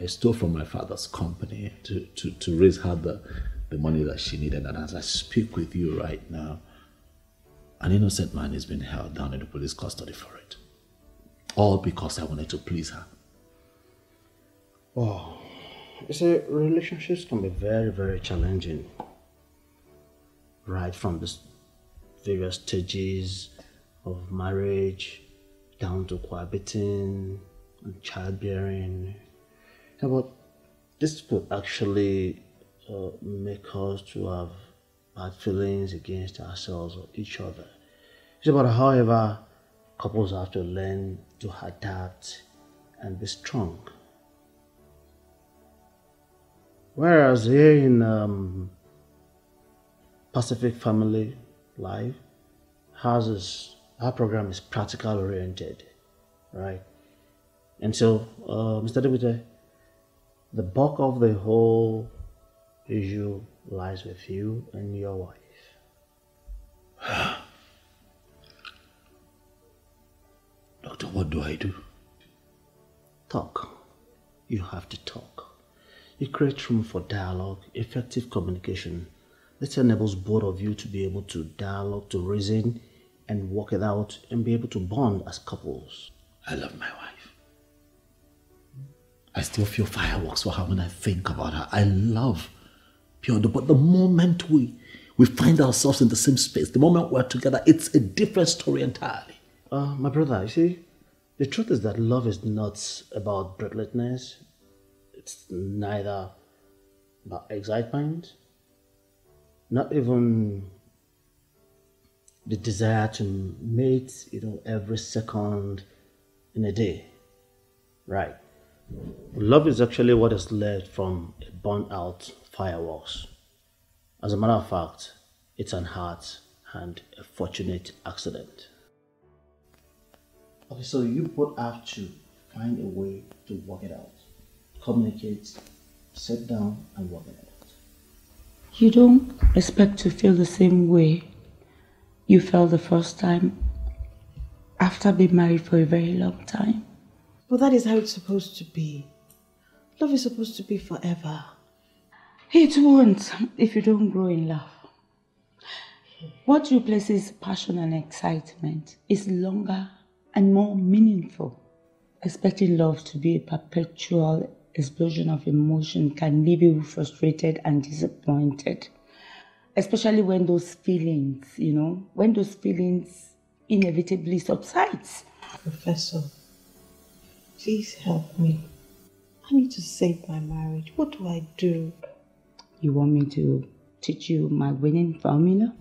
I stole from my father's company to, to, to raise her the, the money that she needed. And as I speak with you right now, an innocent man is being held down in the police custody for it. All because I wanted to please her. Oh, you see, relationships can be very, very challenging. Right from the various stages of marriage down to cohabiting and childbearing. Yeah, but this could actually uh, make us to have bad feelings against ourselves or each other. It's about however couples have to learn to adapt and be strong. Whereas here in um, Pacific family, life. houses. our program is practical oriented, right? And so, uh, Mr. Deputy, the bulk of the whole issue lies with you and your wife. Doctor, what do I do? Talk. You have to talk. You create room for dialogue, effective communication, it enables both of you to be able to dialogue, to reason, and work it out and be able to bond as couples. I love my wife. I still feel fireworks for her when I think about her. I love Piondo, but the moment we we find ourselves in the same space, the moment we're together, it's a different story entirely. Uh, my brother, you see, the truth is that love is not about breathlessness. It's neither about excitement not even the desire to mate, you know, every second in a day. Right. Love is actually what is led from a burnt out fireworks. As a matter of fact, it's an heart and a fortunate accident. Okay, so you both have to find a way to work it out. Communicate, sit down and work it out you don't expect to feel the same way you felt the first time after being married for a very long time. But that is how it's supposed to be. Love is supposed to be forever. It won't if you don't grow in love. What replaces passion and excitement is longer and more meaningful. Expecting love to be a perpetual explosion of emotion can leave you frustrated and disappointed, especially when those feelings, you know, when those feelings inevitably subsides. Professor, please help me. I need to save my marriage. What do I do? You want me to teach you my winning formula?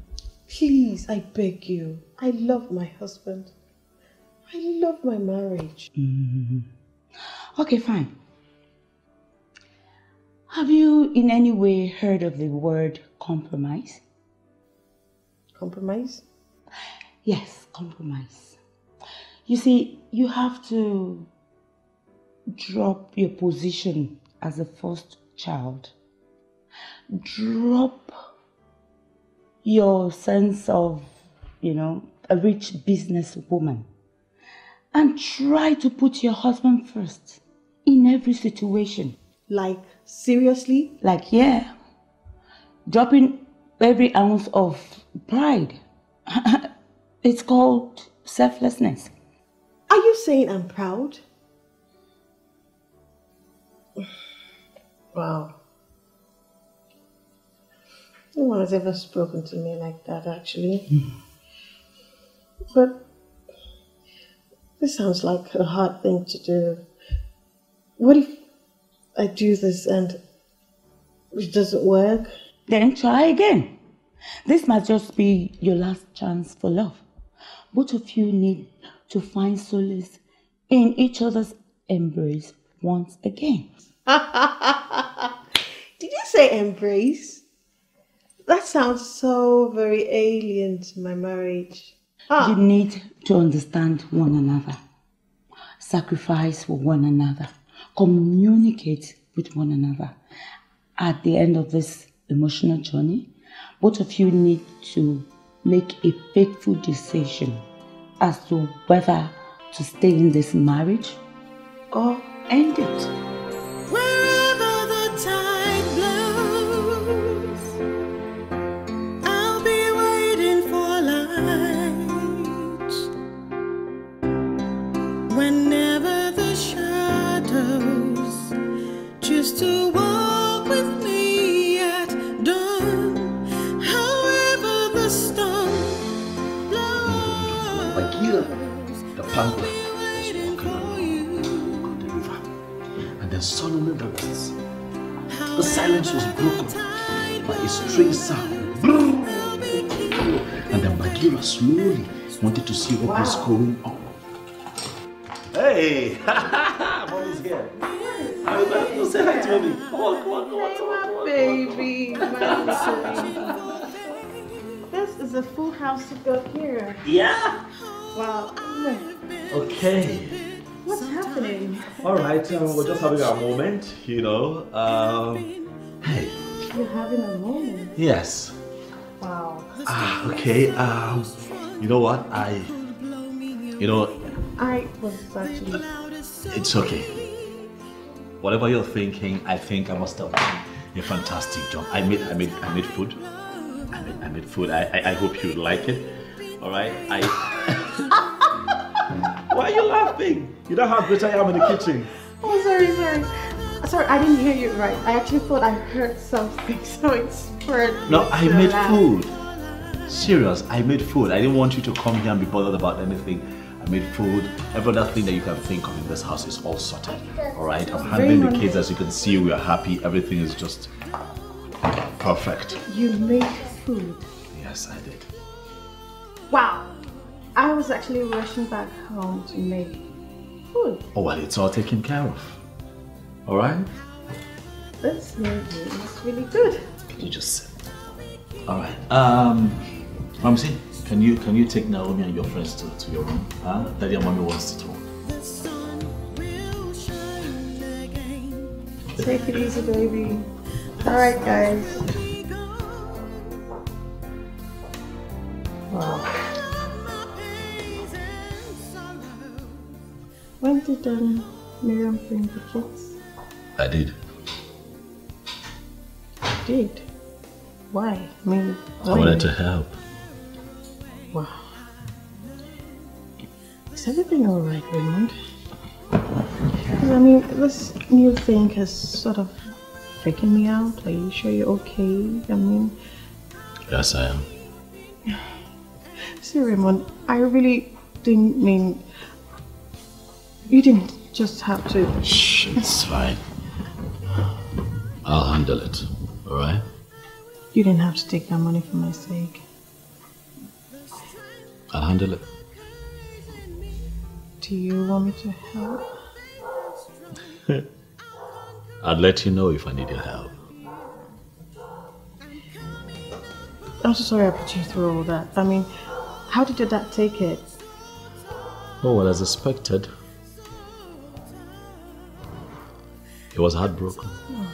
Please, I beg you. I love my husband. I love my marriage. Mm -hmm. Okay, fine. Have you in any way heard of the word compromise? Compromise? Yes, compromise. You see, you have to drop your position as a first child. Drop your sense of, you know, a rich businesswoman. And try to put your husband first in every situation. Like Seriously? Like, yeah. Dropping every ounce of pride. it's called selflessness. Are you saying I'm proud? Wow. No one has ever spoken to me like that, actually. But this sounds like a hard thing to do. What if I do this and it doesn't work. Then try again. This must just be your last chance for love. Both of you need to find solace in each other's embrace once again. Did you say embrace? That sounds so very alien to my marriage. Ah. You need to understand one another, sacrifice for one another communicate with one another. At the end of this emotional journey, both of you need to make a faithful decision as to whether to stay in this marriage or end it. Banquet was walking along the river, and then suddenly there was the silence was broken by a strange sound. And then Bagheera slowly wanted to see what wow. was going on. Hey! Mommy's here. How is that? You say hi to mommy. Come on, come on, come on, come on. baby, my sweetie. This is a full house to go here. Yeah? Wow. Okay. What's happening? All right, um, we're just having a moment, you know. Um, hey. You're having a moment? Yes. Wow. Ah, okay. Um, you know what? I, you know. I was actually. It's okay. Whatever you're thinking, I think I must have done a fantastic job. I made, I made, I made food. I made, I made food. I, I, I hope you like it. All right. I. Why are you laughing? You know how great I am in the kitchen. Oh, sorry, sorry. Sorry, I didn't hear you right. I actually thought I heard something, so it's spurred No, I made laugh. food. Serious, I made food. I didn't want you to come here and be bothered about anything. I made food. Every other thing that you can think of in this house is all sorted. All right, I'm handling the kids. As you can see, we are happy. Everything is just perfect. You made food? Yes, I did. Wow. I was actually rushing back home to make food. Oh, well, it's all taken care of. All right? This maybe is really good. Can you just sit? All right. Um, Ramsey, can you can you take Naomi and your friends to, to your room? Huh? Daddy and Mommy wants to talk. Take it easy, baby. All right, guys. Wow. When did um, Miriam bring the kids? I did. You did? Why? I mean, why? I wanted to help. Wow. Is everything all right, Raymond? Because I mean, this new thing has sort of freaking me out. Are you sure you're okay? I mean, yes, I am. See, Raymond, I really didn't mean you didn't just have to. Shh, it's fine. I'll handle it, alright? You didn't have to take that money for my sake. I'll handle it. Do you want me to help? I'd let you know if I need your help. I'm so sorry I put you through all that. I mean, how did your dad take it? Oh, well, as expected. He was heartbroken. Oh,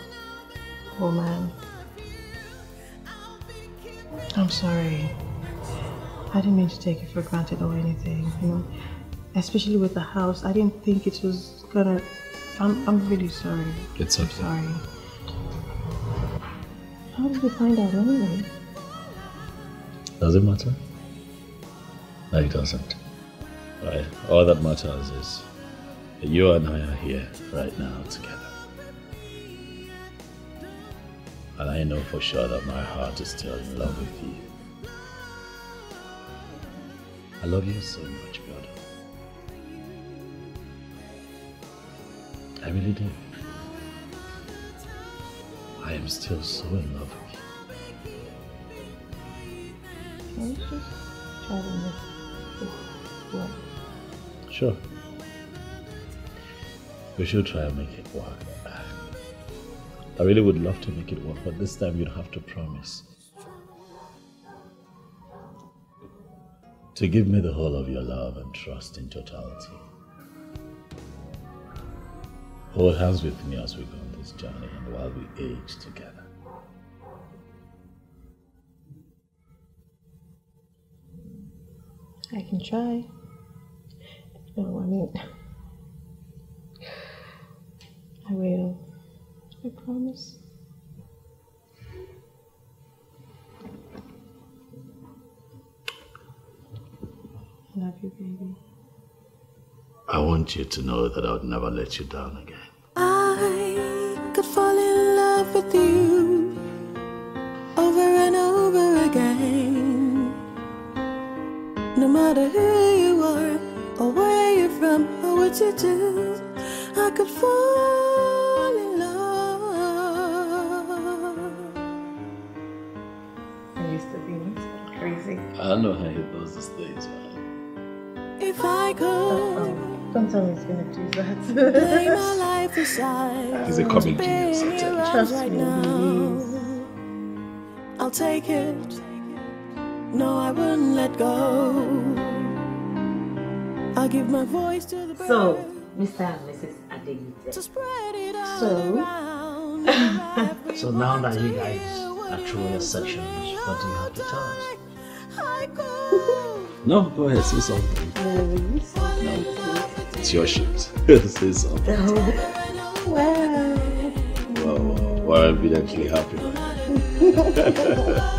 oh man. I'm sorry. I didn't mean to take it for granted or anything, you know. Especially with the house, I didn't think it was gonna. I'm, I'm really sorry. It's okay. I'm sorry. How did you find out anyway? Does it matter? No, it doesn't. Right. All that matters is that you and I are here right now together. and I know for sure that my heart is still in love with you. I love you so much, God. I really do. I am still so in love with you. Can just try to make this work? Sure. We should try and make it work. I really would love to make it work, but this time you'd have to promise to give me the whole of your love and trust in totality. Hold hands with me as we go on this journey and while we age together. I can try. No, I mean, I will. I promise. I love you, baby. I want you to know that I would never let you down again. I could fall in love with you over and over again. No matter who you are or where you're from or what you do, I could fall. I know how he does these things, man. If I could. Don't tell me he's gonna do that. he's a comic genius, Trust right me. I'll take it. No, I wouldn't let go. I'll give my voice to the bird. So, Mr. and Mrs. Adegite. To spread it out so. so now that you guys are through your sections, what do you have to tell us? No, go ahead, say something. No, It's your shift. say something. Oh. Wow. Well, well, We're evidently happy, right?